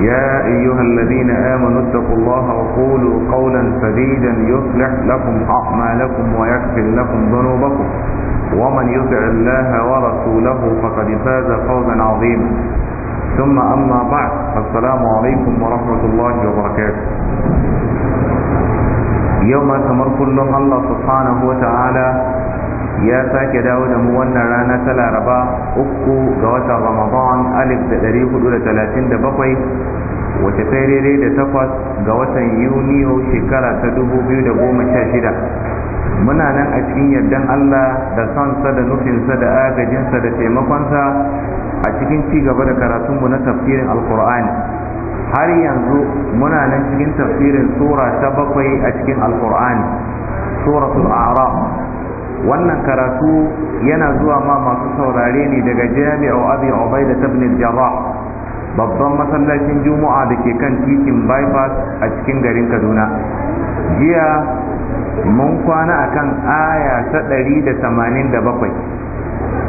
يا أيها الذين آمنوا اتقوا الله وقولوا قولا سديدا يصلح لكم أعمالكم ويكفر لكم ذنوبكم ومن يطع الله ورسوله فقد فاز فوزا عظيما ثم أما بعد فالسلام عليكم ورحمة الله وبركاته يوم تمر كل الله سبحانه وتعالى ya sake dawo da mu wannan rana ta laraba uku ga watan ramadan alif da dari hudu da talatin da bakwai wace ta da takwas ga watan yuniyo shekara ta dubu biyu da goma sha shida muna nan a cikin yardan allah da sansa da nufinsa da agajinsa da taimakonsa a cikin ci gaba da karatunmu na tafsirin alkur'ani har yanzu muna nan cikin tafsirin sura ta bakwai a cikin alkur'ani suratul a'raf wannan karatu yana zuwa ma masu saurare ne daga jami'a abi ubaida ibn al-jarrah babban masallacin juma'a da ke kan titin bypass a cikin garin kaduna jiya mun kwana akan aya ta 187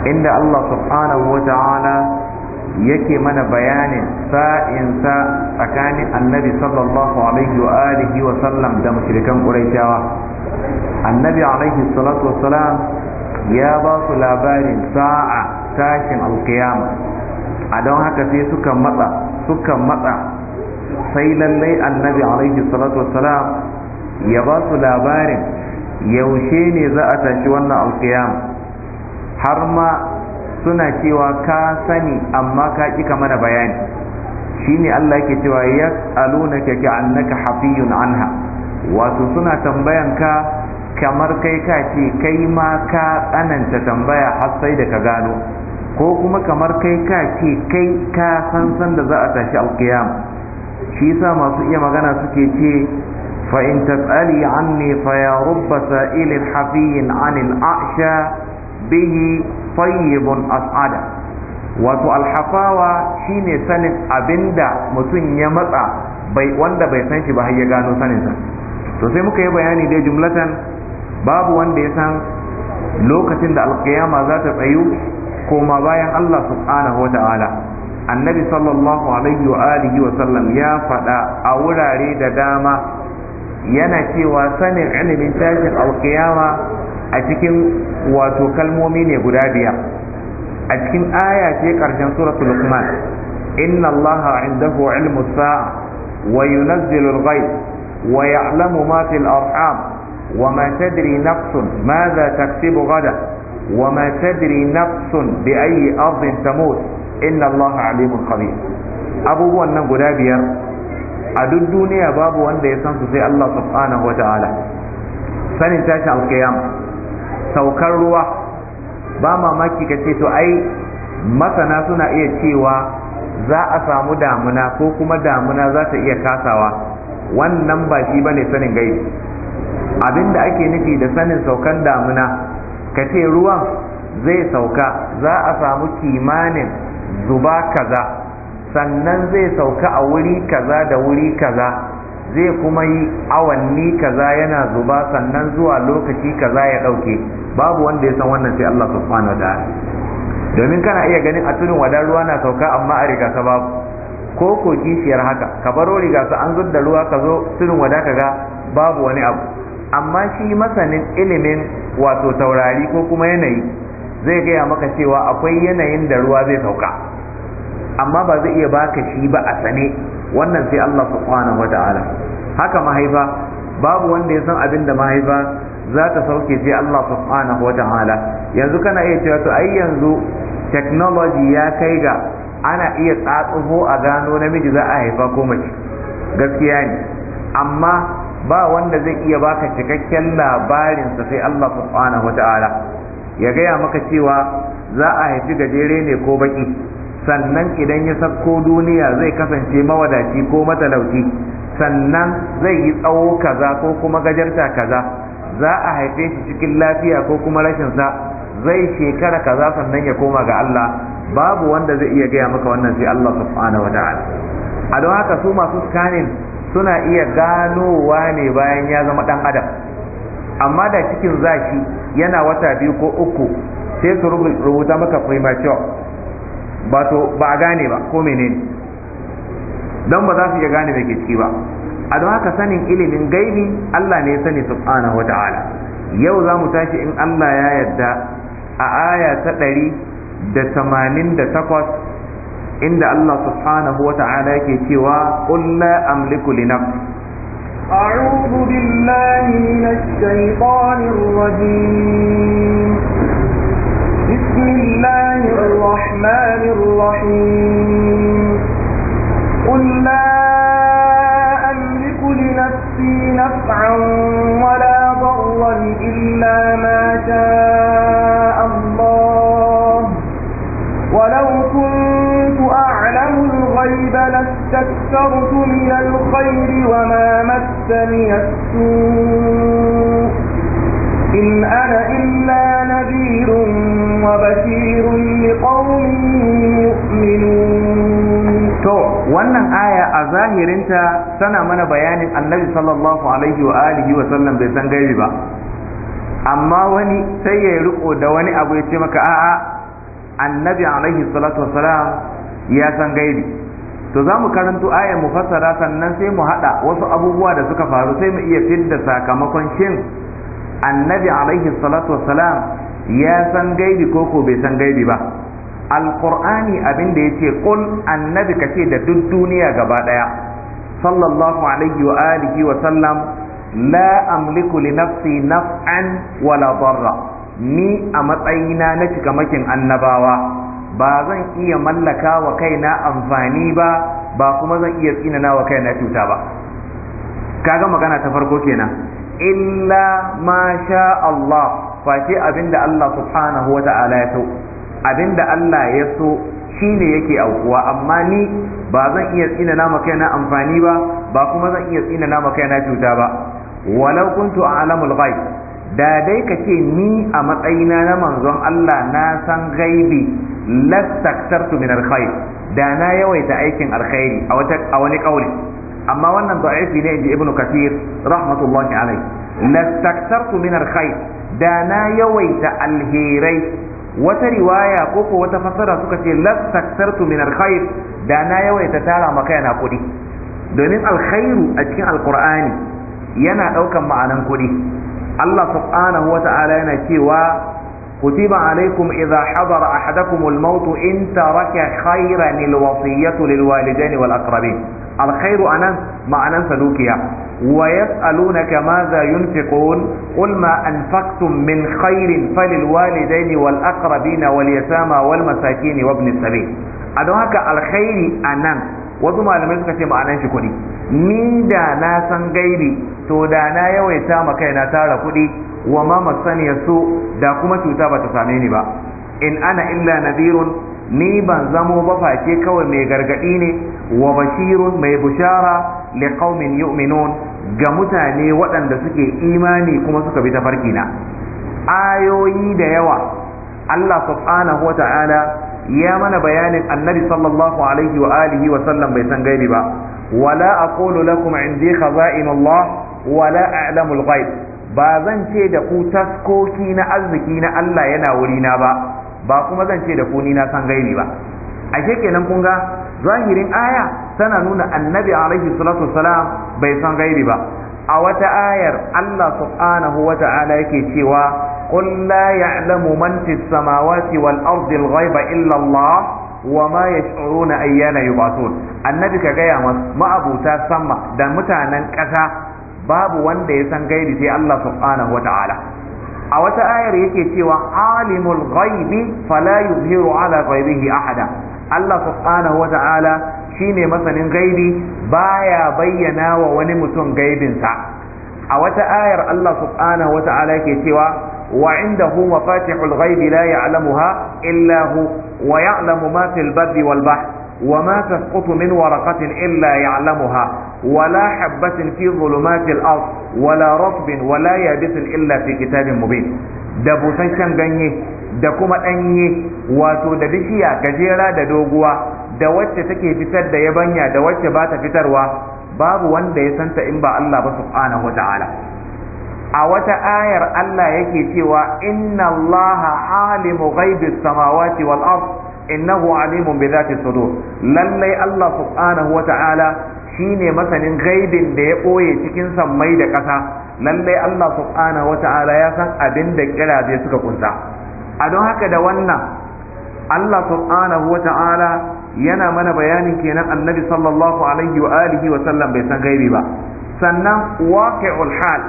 inda Allah subhanahu wa ta'ala yake mana bayanin sa'insa tsakanin annabi sallallahu alaihi wa alihi wa sallam da mushrikan quraishawa annabi alaihi salatu wassalam ya ba su labarin sa'a tashin alkiyama a don haka sai suka matsa suka matsa sai lallai annabi alaihi salatu wassalam ya ba su labarin yaushe ne za a tashi wannan alkiyama har ma suna cewa ka sani amma ka ƙi mana bayani shine Allah yake cewa yas'alunaka ka'annaka hafiyun anha wato suna tambayan ka kamar kai ka ce kai ma ka tsananta tambaya har sai da ka gano ko kuma kamar kai ka ce kai ka san san da za a tashi alkiyam shi yasa masu iya magana suke ce fa in tas'ali anni fa ya rubba sa'ilin hafiyin anil a'sha bihi tayyibun as'ada wato alhafawa shine sanin abinda mutum ya matsa bai wanda bai san shi ba har ya gano saninsa to sai muka yi bayani dai jumlatan babu wanda ya san lokacin da alkiyama za ta tsayu koma bayan Allah subhanahu wa ta'ala annabi sallallahu alaihi wa alihi wa sallam ya faɗa a wurare da dama yana cewa sanin ilimin tashin alkiyama a cikin wato kalmomi ne guda biyar a cikin aya ce ƙarshen suratul Luqman inna allaha indahu ilmu sa'a wa yunazzilu al ويعلم ما في الأرحام وما تدري نفس ماذا تكسب غدا وما تدري نفس بأي أرض تموت إن الله عليم خبير أبو أن قدا بير أدو الدنيا باب أن يسنس في الله سبحانه وتعالى sanin tashin alkiyama saukar ruwa ba mamaki ka ce to ai masana suna iya cewa za a samu damuna ko kuma damuna za ta iya kasawa wannan ba shi bane sanin gaibi abinda ake nufi da sanin saukan damuna ka ce ruwan zai sauka za a samu kimanin zuba kaza sannan zai sauka a wuri kaza da wuri kaza zai kuma yi awanni kaza yana zuba sannan zuwa lokaci kaza ya dauke babu wanda ya san wannan sai Allah subhanahu wa ta'ala domin kana iya ganin a tudun wadan ruwa na sauka amma a riga ka babu ko ko kishiyar haka ka baro riga su an da ruwa ka zo tunin wada ka ga babu wani abu amma shi masanin ilimin wato taurari ko kuma yanayi zai gaya maka cewa akwai yanayin da ruwa zai sauka amma ba zai iya baka shi ba a sane wannan sai Allah subhanahu wata'ala haka mahaifa babu wanda ya san abin da mahaifa za ta sauke sai Allah subhanahu wata'ala yanzu kana iya cewa to ai yanzu technology ya kai ga ana iya tsatsuho a gano namiji za a haifa ko mace gaskiya ne amma ba wanda zai iya baka cikakken labarin sa sai Allah subhanahu wata'ala ya gaya maka cewa za a haifi gajere ne ko baki sannan idan ya sakko duniya zai kasance mawadaci ko matalauci sannan zai yi tsawo kaza ko kuma gajarta kaza za a haife shi cikin lafiya ko kuma rashin sa zai shekara kaza sannan ya koma ga Allah babu wanda zai iya gaya maka wannan sai Allah subhanahu wa ta'ala a don haka su masu scanning suna iya ganowa ne bayan ya zama dan adam amma da cikin zashi yana wata biyu ko uku sai su rubuta maka premature ba to ba gane ba ko menene don ba za su iya gane mai ciki ba a don haka sanin ilimin gaibi Allah ne ya sani subhanahu ta'ala yau za mu tashi in Allah ya yarda a aya ta da tamanin da takwas inda Allah subhanahu wa ta'ala yake cewa qul la amliku li nafsi a'udhu billahi minash shaitanir rajim bismillahir rahmanir rahim qul la amliku li nafsi naf'an wala darran illa ma استكثرت من الخير وما مسني السوء إن أنا إلا نذير وبشير لقوم يؤمنون to wannan aya a zahirinta tana mana bayanin annabi sallallahu alaihi wa alihi wa sallam bai san gaibi ba amma wani sai ya riko da wani abu ya ce maka a'a annabi alaihi salatu wa wasalam ya san gaibi to za mu karanto ayan mu fassara sannan sai mu haɗa wasu abubuwa da suka faru sai mu iya fidda sakamakon shin annabi alaihi salatu wassalam ya san gaibi ko ko bai san gaibi ba alqur'ani abin da yace qul annabi kace da duk duniya gaba daya sallallahu alaihi wa alihi wa sallam la amliku li nafsi naf'an wala darra ni a matsayina na cikamakin annabawa ba zan iya mallaka wa kaina amfani ba ba kuma zan iya tsinana wa kaina cuta ba kaga magana ta farko kenan illa ma sha Allah face abinda Allah subhanahu wa ta'ala ya so abinda Allah ya so shine yake aukuwa amma ni ba zan iya tsinana ma kaina amfani ba ba kuma zan iya tsinana ma kaina cuta ba walau kuntu a'lamul ghaib da dai ka ce ni a matsayina na manzon Allah na san gaibi lastaktartu min alkhair da na yawaita aikin alkhairi a wata a wani kauli amma wannan da'ifi ne inji ibnu kathir rahmatullahi alai lastaktartu min alkhair da na yawaita alherai wata riwaya ko ko wata fasara suka ce lastaktartu min alkhair da na yawaita tara maka yana kuɗi domin alkhairu a cikin alkur'ani yana ɗaukan ma'anan kuɗi الله سبحانه وتعالى سوى كتب عليكم إذا حضر أحدكم الموت إن ترك خيرا الوصية للوالدين والأقربين الخير أنا ما أنا سدوكيا ويسألونك ماذا ينفقون قل ما أنفقتم من خير فللوالدين والأقربين واليتامى والمساكين وابن السبيل أدوك الخير أنا wasu malamai suka ce ma'anar shi kuɗi ni da na san gaibi to da na yawaita ma kai na tara kuɗi wa ma masaniya so da kuma cuta ba ta same ni ba in ana illa nadirun ni ban zamo ba face kawai mai gargaɗi ne wa bashirun mai bushara li qaumin yu'minun ga mutane waɗanda suke imani kuma suka bi ta na ayoyi da yawa Allah subhanahu wa ta'ala ya mana bayanin annabi sallallahu alaihi wa alihi wa sallam bai san gaibi ba wala aqulu lakum indi khaza'in Allah wala a'lamu al-ghaib ba zan ce da ku taskoki na arziki na Allah yana wuri na ba ba kuma zan ce da ku ni na san gaibi ba ashe kenan kun ga zahirin aya tana nuna annabi alaihi salatu wasalam bai san gaibi ba a wata ayar Allah subhanahu wata'ala yake cewa قل لا يعلم من في السماوات والأرض الغيب إلا الله وما يشعرون أيان يبعثون النبي sama da أبو ƙasa babu wanda ya san وان ده في الله سبحانه وتعالى a wata ayar yake cewa alimul ghaibi fala yuzhiru ala ghaibihi ahada Allah subhanahu wa ta'ala shine masanin ghaibi baya bayyana wa wani mutum gaibinsa a wata ayar Allah subhanahu wa ta'ala yake cewa وعنده مفاتح الغيب لا يعلمها إلا هو ويعلم ما في البر والبحر وما تسقط من ورقة إلا يعلمها ولا حبة في ظلمات الأرض ولا رطب ولا يابس إلا في كتاب مبين da busasshen ganye da kuma ɗanye wato da bishiya gajera da doguwa da wacce take fitar da banya da wacce bata fitarwa babu wanda ya santa in ba Allah ba subhanahu ta'ala a wata ayar Allah yake cewa inna Allah alimu ghaibis samawati wal ard innahu alimun bi dhati sudur lallai Allah subhanahu wa ta'ala shine masanin ghaibin da ya boye cikin sammai da ƙasa lallai Allah subhanahu wa ta'ala ya san abin da kirabe suka kunta. a don haka da wannan Allah subhanahu wa ta'ala yana mana bayanin kenan annabi sallallahu alaihi wa alihi wa sallam bai san gaibi ba sannan waqi'ul hal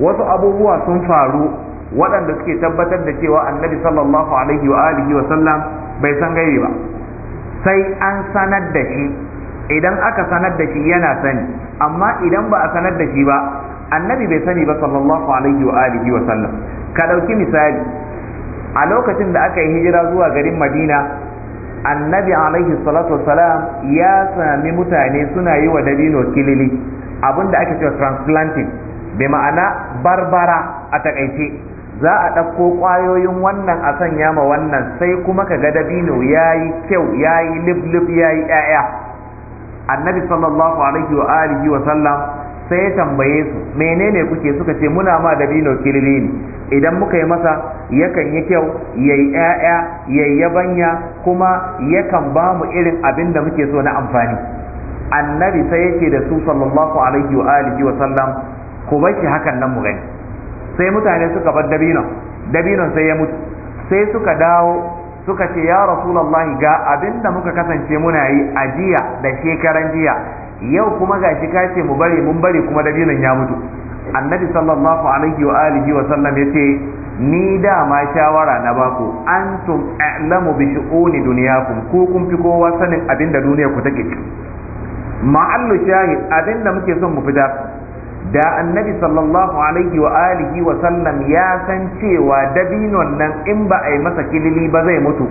wasu abubuwa sun faru waɗanda suke tabbatar da cewa annabi sallallahu alaihi wa alihi wa sallam bai san gari ba sai an sanar da shi idan aka sanar da shi yana sani amma idan ba a sanar da shi ba annabi bai sani ba sallallahu alaihi wa alihi wa sallam ka ɗauki misali a lokacin da aka yi hijira zuwa garin madina annabi alaihi salatu wasalam ya sami mutane suna yi wa dabino kilili abinda ake cewa transplanting bi ma'ana barbara a takaice za a ɗauko ƙwayoyin wannan a sanya ma wannan sai kuma ka ga dabino ya yi kyau ya yi liblib ya yi ƴaƴa annabi sallallahu alaihi wa alihi wa sallam sai ya tambaye su menene kuke suka ce muna ma dabino kirli idan muka yi masa yakan yi kyau ya yi ƴaƴa ya yi yabanya kuma yakan ba mu irin abin da muke so na amfani annabi sai yake da su sallallahu alaihi wa alihi wa sallam ku bar shi hakan nan mu gani sai mutane suka bar dabinon dabinon sai ya mutu sai suka dawo suka ce ya rasulullahi ga abinda muka kasance muna yi a jiya da shekaran jiya yau kuma ga shi ka ce mu bari mun bari kuma dabinon ya mutu annabi sallallahu alaihi wa alihi wa sallam ya ce ni dama shawara na baku antum a'lamu bi shu'uni dunyakum ku kun fi kowa sanin abinda duniya ku take ciki ma'allu shahid abinda muke son mu fita da annabi sallallahu alaihi wa alihi wa sallam ya san cewa dabinon nan in ba a yi masa kilili ba zai mutu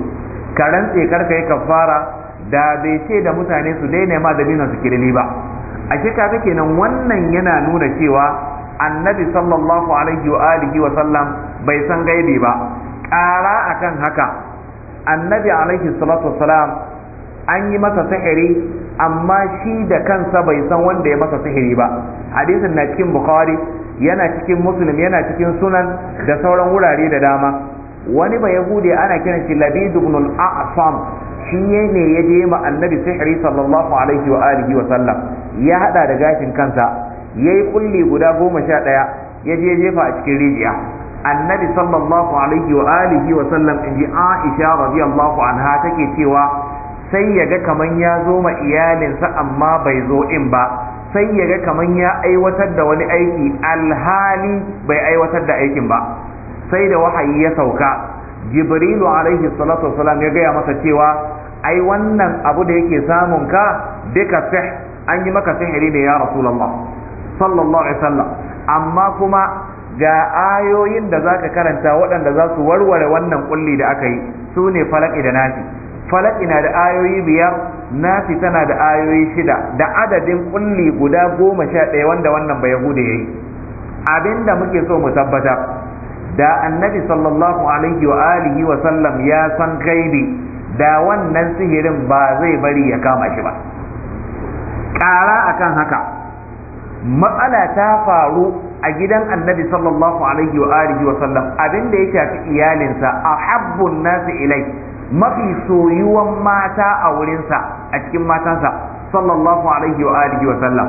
ka rantse karka yi kafara da bai ce da mutane su daina ma dabinon su kilili ba a ga kenan wannan yana nuna cewa annabi sallallahu alaihi wa alihi wa sallam bai san gaibi ba ƙara akan haka annabi alaihi salatu wasalam an yi masa sihiri amma shi da kansa bai san wanda ya masa sihiri ba hadisin na cikin bukhari yana cikin muslim yana cikin sunan da sauran wurare da dama wani ba yahudi ana kiran shi labid ibn al-a'sam shi ne ya je ma annabi sihiri sallallahu alaihi wa alihi wa sallam ya hada da gashin kansa yayi kulli guda goma sha daya ya je jefa a cikin rijiya annabi sallallahu alaihi wa alihi wa sallam inji aisha radiyallahu anha take cewa sai ya ga kaman ya zo ma iyalinsa amma bai zo in ba sai yaga ga kamar ya aiwatar da wani aiki alhali bai aiwatar da aikin ba sai da wahayi ya sauka jibrilu alaihi salatu wasalam ya gaya masa cewa ai wannan abu da yake samun ka duka sih an yi maka sihiri ne ya rasulullah sallallahu alaihi wasallam amma kuma ga ayoyin da zaka karanta waɗanda za su warware wannan kulli da aka yi sune ne falaki da nafi falaki na da ayoyi biyar nasi tana da ayoyi shida da adadin kulli guda goma sha ɗaya wanda wannan bai hude ya yi abinda muke so mu tabbata da annabi sallallahu alaihi wa alihi wa sallam ya san gaibi da wannan sihirin ba zai bari ya kama shi ba ƙara akan haka matsala ta faru a gidan annabi sallallahu alaihi wa alihi wa sallam abin da ya shafi iyalinsa a habbun nasu ilai mafi soyuwan mata a wurinsa a cikin matansa sallallahu alaihi wa alihi wa sallam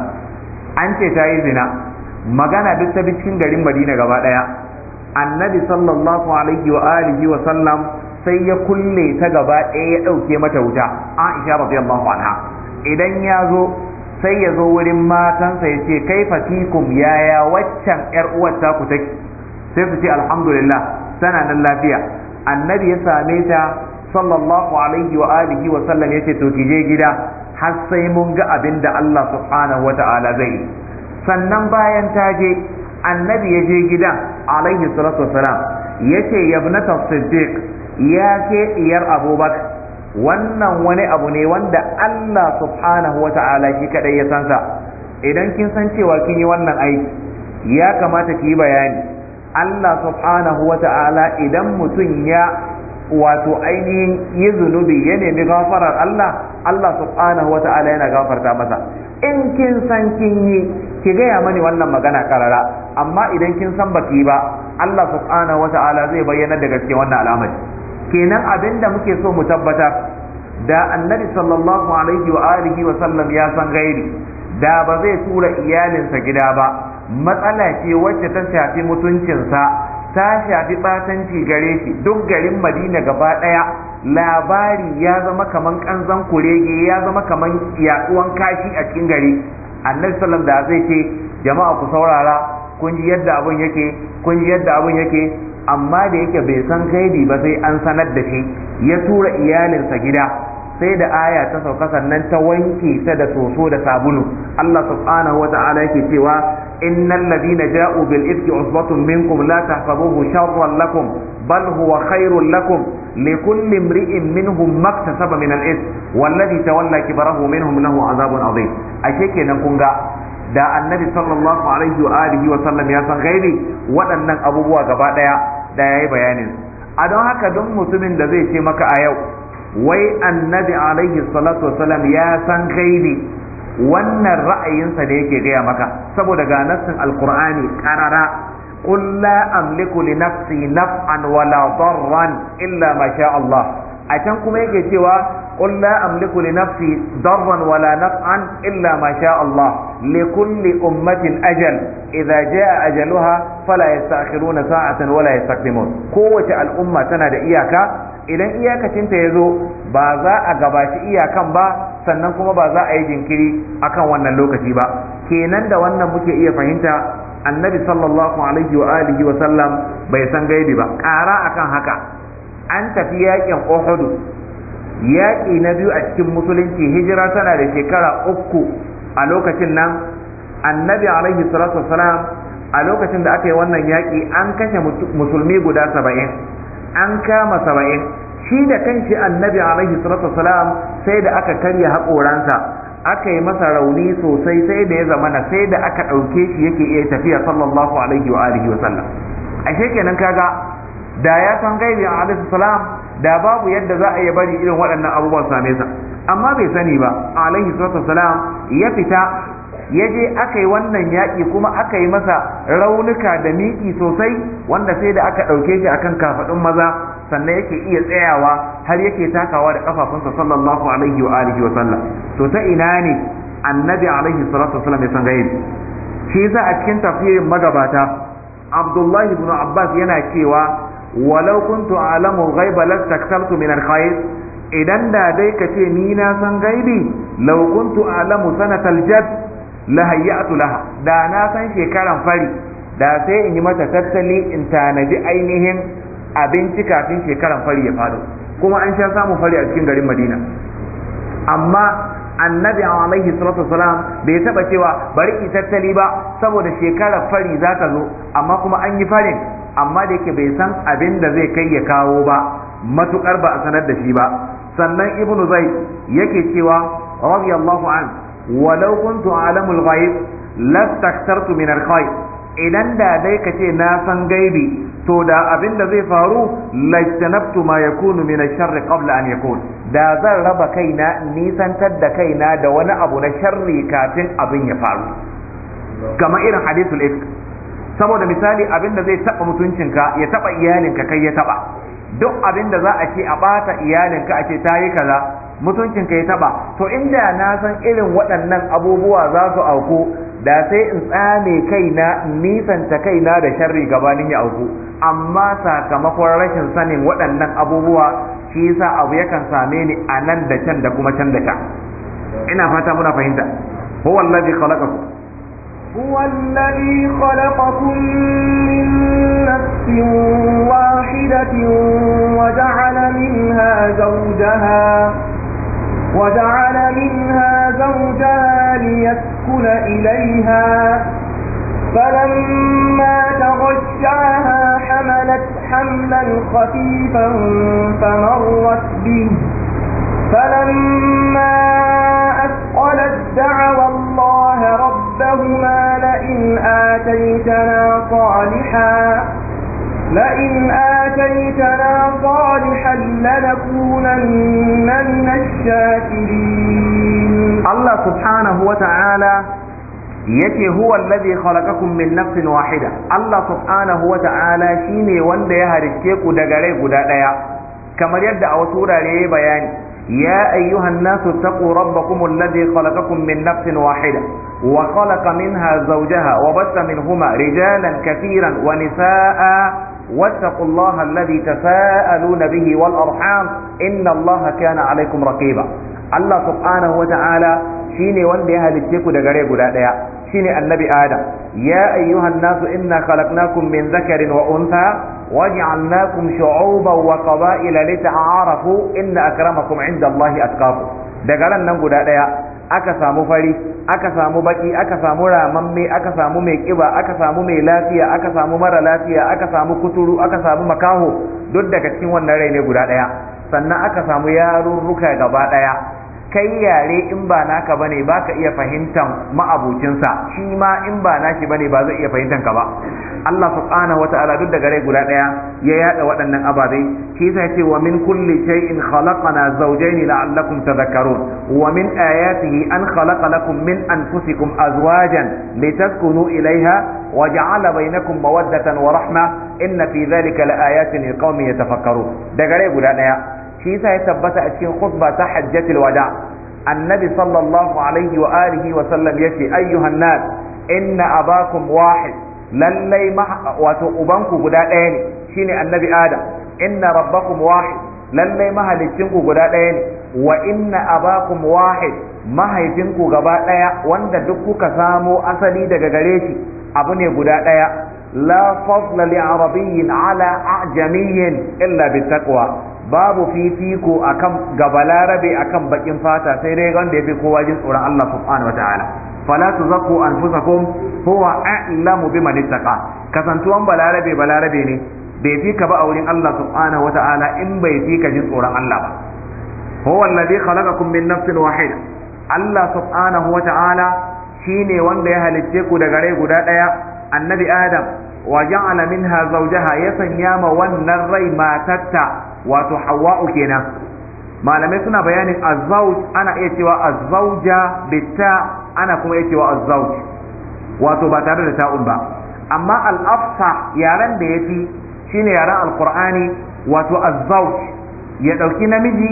an ce ta yi zina magana duk ta cikin garin madina gaba daya annabi sallallahu alaihi wa alihi wa sallam sai ya kulle ta gaba daya ya dauke mata wuta aisha radiyallahu anha idan ya zo sai ya zo wurin matansa ya ce kai fatikum yaya waccan yar uwar ta ku take sai su ce alhamdulillah tana nan lafiya annabi ya same ta sallallahu alaihi wa alihi wa sallam yace to ki je gida har sai mun ga abin da Allah subhanahu wa ta'ala zai sannan bayan ta je annabi ya je gidan alaihi salatu wasalam yace yabnata siddiq ya ke iyar abubakar wannan wani abu ne wanda Allah subhanahu wa ta'ala shi kadai ya sansa idan kin san cewa kin yi wannan aiki ya kamata ki yi bayani Allah subhanahu wa ta'ala idan mutum ya wato ainihin yi zunubi ya nemi gafarar Allah Allah subhanahu wa ta'ala yana gafarta masa in kin san kin yi ki gaya mani wannan magana karara amma idan kin san baki ba Allah subhanahu wa ta'ala zai bayyana da gaske wannan al'amari kenan abinda muke so mu tabbata? da annabi sallallahu alaihi wa alihi wa sallam ya san gairi da ba zai tura iyalinsa gida ba matsala ce wacce ta shafi mutuncinsa ta shafi batanci gare shi duk garin madina gaba daya labari ya zama kaman kanzan kurege ya zama kaman yaduwan kashi a cikin gari annabi sallam da zai ce jama'a ku saurara kun ji yadda abun yake kun ji yadda abun yake amma da yake bai san gaidi ba sai an sanar da shi ya tura iyalinsa gida sai da aya ta sauka sannan ta wanke ta da soso da sabulu Allah subhanahu wata'ala yake cewa innal ladina ja'u bil ifki usbatun minkum la tahsabuhu sharran lakum bal huwa khairun lakum likulli imri'in minhum maktasaba min al ism walladhi tawalla kibrahu minhum lahu azabun adhim Ake kenan kun ga da annabi sallallahu alaihi wa alihi wa sallam ya san gaibi waɗannan abubuwa gaba daya da yayi bayanin a don haka don mutumin da zai ce maka a yau wai annabi alaihi salatu wasalam ya san gaibi wannan ra'ayinsa da yake gaya maka saboda ga nassin alqur'ani qarara قل لا أملك لنفسي نفعا ولا ضرا إلا ما شاء الله أتنكم يجي سوى قل لا أملك لنفسي ضرا ولا نفعا إلا ما شاء الله لكل أمة أجل إذا جاء أجلها فلا يستأخرون ساعة ولا يستقدمون قوة الأمة تنا إياك idan iyakacinta ya zo ba za a gabaci iyakan ba sannan kuma ba za a yi jinkiri akan wannan lokaci ba kenan da wannan muke iya fahimta annabi sallallahu alaihi wa alihi wa sallam bai san gaibi ba ƙara akan haka an tafi yakin Ohudu, yaƙi na biyu a cikin musulunci hijira tana da shekara uku a lokacin nan annabi alaihi salatu wasalam a lokacin da aka yi wannan yaƙi an kashe musulmi guda saba'in an kama saba'in shi da kanshi annabi alaihi salatu wasalam sai da aka karya haƙoransa aka yi masa rauni sosai sai da ya zamana sai da aka ɗauke shi yake iya tafiya sallallahu alaihi wa alihi wasallam ashe kenan kaga da ya san gaibi alaihi salam da babu yadda za a yi bari irin waɗannan abubuwan same sa amma bai sani ba alaihi salatu wasalam ya fita ya je aka yi wannan yaƙi kuma aka yi masa raunuka da miki sosai wanda sai da aka ɗauke shi akan kafaɗin maza sannan yake iya tsayawa har yake takawa da ƙafafunsa sallallahu alaihi wa alihi wa sallam to ta ina ne annabi alaihi salatu wasallam ya san gaibi shi yasa a cikin tafsirin magabata abdullahi ibn abbas yana cewa walau kuntu a'lamu ghaiba lastaktartu min idan da dai kace ni na san gaibi law kuntu a'lamu sanatal jadd la hayyatu laha da na san shekaran fari da sai in yi mata tattali in tanaji ainihin abinci kafin shekaran fari ya fado kuma an sha samun fari a cikin garin madina amma annabi alaihi salatu wasalam bai taba cewa bari in tattali ba saboda shekarar fari za ta zo amma kuma an yi farin amma da yake bai san abin da zai kai ya kawo ba matukar ba a sanar da shi ba sannan ibnu zaid yake cewa radiyallahu an walau kuntu alamul ghaib lastaktartu min alkhair idan da dai kace na san gaibi to da abin da zai faru lajtanabtu ma yakunu min ash-sharr qabla an yakun da zan raba kaina nisantar da kaina da wani abu na sharri kafin abin ya faru kamar irin hadithul ifk saboda misali abin da zai taba mutuncinka ya taba iyalinka kai ya taba duk abin da za a ce a bata iyalinka a ce ta yi kaza mutuncin ka ya taba to inda na san irin waɗannan abubuwa za su auku da sai in tsame kaina nisanta kaina da sharri gabanin ya auku amma sakamakon rashin sanin waɗannan abubuwa shi yasa abu yakan same ni a nan da can da kuma can da can ina fata muna fahimta ko allazi khalaqakum huwa khalaqakum min nafsin wahidatin wa ja'ala minha zawjaha وجعل منها زوجها ليسكن إليها فلما تغشاها حملت حملا خفيفا فمرت به فلما أثقلت دعوا الله ربهما لئن آتيتنا صالحا لئن آتيتنا صالحا لنكونن من الشاكرين الله سبحانه وتعالى yake huwa allazi khalaqakum min nafsin wahida Allah subhanahu wa ta'ala shine wanda ya halicce ku daga rai guda daya kamar yadda a wasu wurare ya bayani ya ayyuhan nasu taqu rabbakum allazi khalaqakum min nafsin wahida wa khalaqa minha zawjaha wa bassa minhuma rijalan katiran wa nisaa واتقوا الله الذي تساءلون به والأرحام إن الله كان عليكم رقيبا الله سبحانه وتعالى شيني وندي أهل التيكو دقريبو لا شيني النبي آدم يا أيها الناس إنا خلقناكم من ذكر وأنثى وجعلناكم شعوبا وقبائل لتعارفوا إن أكرمكم عند الله أتقاكم دقالا ننقو ديا aka samu fari aka samu baki aka samu ramamme aka samu mai ƙiba, aka samu mai lafiya aka samu mara lafiya aka samu kuturu aka samu makaho duk daga cikin wannan rai ne guda ɗaya, sannan aka samu yarurruka gaba ɗaya. kai yare in ba naka bane ba ka iya fahimtan ma'abocinsa shi ma in ba naki bane ba zai iya fahimtan ka ba Allah subhanahu wata'ala duk da gare guda daya ya yada waɗannan ababai shi yasa yace wa min kulli shay'in khalaqana zawjayn la'allakum tadhakkarun wa min ayatihi an khalaqa lakum min anfusikum azwajan litaskunu ilayha wa ja'ala bainakum mawaddatan wa rahma inna fi dhalika laayatin liqaumin yatafakkarun da gare guda daya shi yasa ya tabbata a cikin khutba ta hajjatul wada annabi sallallahu alaihi wa alihi wa sallam yace ayyuhan nas inna abakum wahid lallai wato ubanku guda ɗaya ne shine annabi adam inna rabbakum wahid lallai ku guda ɗaya ne wa inna abakum wahid mahaifinku gaba ɗaya wanda duk kuka samo asali daga gare shi abu ne guda ɗaya la fadla li arabiyyin ala ajamiyyin illa bittaqwa babu fifiko akan ga balarabe akan bakin fata sai dai wanda ya fi kowa jin tsoron Allah subhanahu wataala fala tuzakku anfusakum huwa a'lamu biman ittaqa kasantuwan balarabe balarabe ne bai fi ka ba a wurin Allah subhanahu ta'ala in bai fi ka jin tsoron Allah ba huwa alladhi khalaqakum min nafsin wahida Allah subhanahu shi shine wanda ya halicce ku daga rai guda daya annabi adam wa ja'ala minha zawjaha ya sanya ma wannan rai matatta wato hawa'u kenan malamai suna bayanin azzauj ana iya cewa azzauja bitta ana kuma iya cewa azzauj wato ba tare da ta'un ba amma al'afsa yaren da ya yafi shine yaren alkur'ani wato azzauj ya ɗauki namiji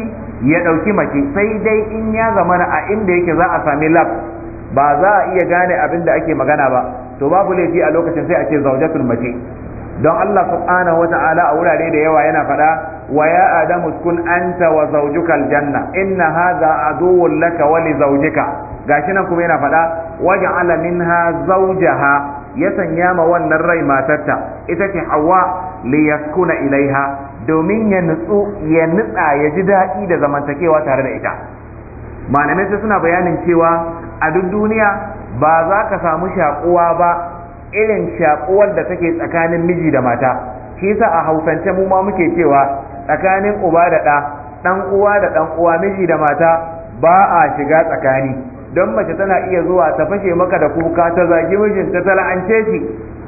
ya ɗauki mace sai dai in ya zama a inda yake za a sami lab ba za a iya gane abin da ake magana ba to babu laifi a lokacin sai a ce zaujatul mace don Allah subhanahu wata'ala a wurare da yawa yana faɗa wa ya adamu kun anta wa zawjuka aljanna inna hadha aduwwun laka wa li zawjika gashi nan kuma yana faɗa waj'ala minha zawjaha ya sanya ma wannan rai matarta ita ce hawa li yaskuna ilaiha domin ya nutsu ya nutsa ya ji daɗi da zamantakewa tare da ita malamai sai suna bayanin cewa a duk duniya ba za ka samu shakuwa ba irin shaƙuwar da take tsakanin miji da mata shi yasa a hausance mu ma muke cewa tsakanin uba da ɗa ɗan uwa da ɗan uwa miji da mata ba a shiga tsakani don mace tana iya zuwa ta fashe maka da kuka ta zagi mijinta ta la'ance shi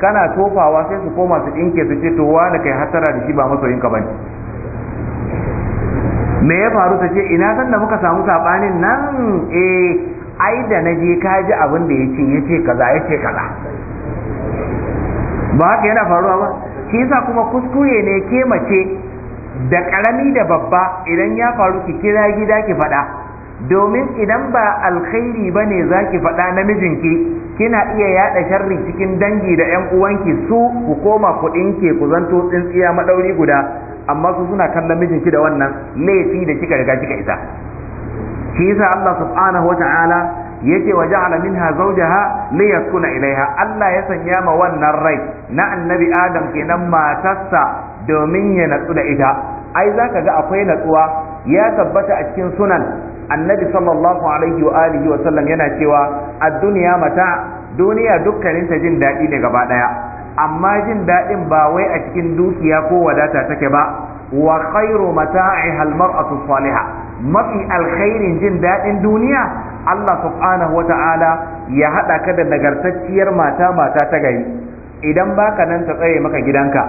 kana tofawa sai su koma su ɗinke su ce to wani kai hasara da shi ba masoyin ka bane me ya faru ta ce ina san da muka samu saɓanin nan eh ai da naje je ka ji abin da ya ce ya ce kaza ya ce kaza ba haka yana faruwa ba shi yasa kuma kuskure ne ke mace da karami da babba idan ya faru ki kira gida ki faɗa domin idan ba alkhairi ba ne za ki faɗa namijinki kina iya yaɗa sharri cikin dangi da 'yan uwanki su ku koma kuɗinki ku zanto tsintsiya maɗauri guda amma su suna kallon mijinki da wannan laifi da kika riga kika isa shi yasa Allah subhanahu wa yace wa ja'ala minha zawjaha liyaskuna ilaiha Allah ya sanya ma wannan rai na annabi Adam kenan matarsa domin ya natsu da ita ai zaka ga akwai natsuwa ya tabbata a cikin sunan annabi sallallahu alaihi wa alihi wa sallam yana cewa ad-dunya mata duniya dukkanin ta jin daɗi ne gaba ɗaya amma jin daɗin ba wai a cikin dukiya ko wadata take ba wa khairu mata'iha al-mar'atu salihah mafi alkhairin jin daɗin duniya Allah subhanahu wata'ala ya haɗa ka da nagartacciyar mata mata ta gari idan baka nan ta tsaye maka gidanka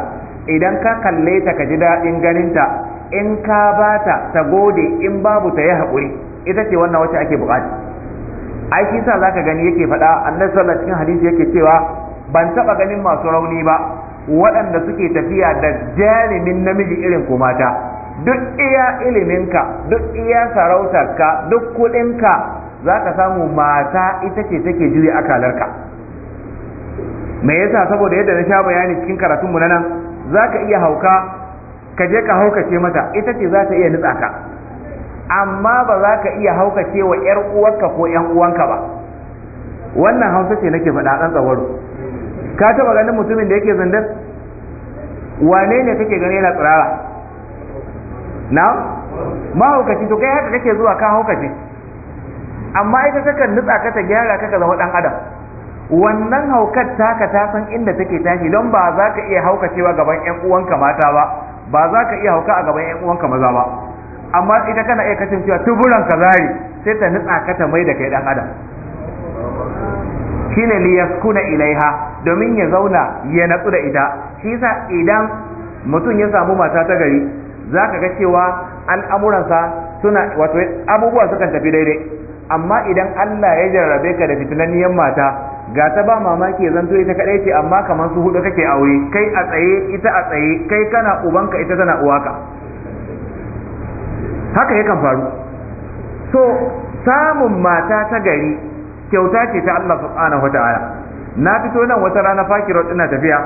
idan ka kalle ta ka ji daɗin ganinta in ka bata ta gode in babu ta yi haƙuri ita ce wannan wacce ake buƙaci. ai shi sa zaka gani yake faɗa annabi sallallahu alaihi cikin hadisi yake cewa ban taɓa ganin masu rauni ba waɗanda suke tafiya da jalimin namiji irin ko mata duk iya iliminka duk iya sarautarka duk kuɗinka za ka samu mata ita ce take juya akalarka me yasa saboda yadda na sha bayani cikin karatunmu na nan za ka iya hauka ka je ka haukace mata ita ce za ta iya nutsa ka amma ba za ka iya haukace wa 'yar uwarka ko 'yan uwanka ba wannan hausa ce nake faɗa ɗan tsawaro ka taɓa ganin mutumin da yake zandar wane ne kake gani yana tsirara na mahaukaci to kai haka kake zuwa ka haukace amma ita takan nutsa ka ta gyara ka zama ɗan adam wannan haukar taka ta san inda take tashi don ba za ka iya haukacewa gaban yan uwanka mata ba ba za ka iya hauka a gaban yan uwanka maza ba amma ita kana iya kasancewa tuburan ka zari sai ta nutsa ka ta mai da kai dan adam shine liyaskuna ilaiha domin ya zauna ya natsu da ita shi yasa idan mutum ya samu mata ta gari za ka ga cewa al'amuransa suna wato abubuwa sukan tafi daidai amma idan Allah ya jarrabe ka da fitinanniyar mata ga ta ba mamaki ya zanto ita kadai ce amma kamar su hudu kake aure kai a tsaye ita a tsaye kai kana ubanka ita tana uwa ka. haka yakan faru so samun mata ta gari kyauta ce ta Allah subhanahu wata'ala na fito nan wata rana fakirot ina tafiya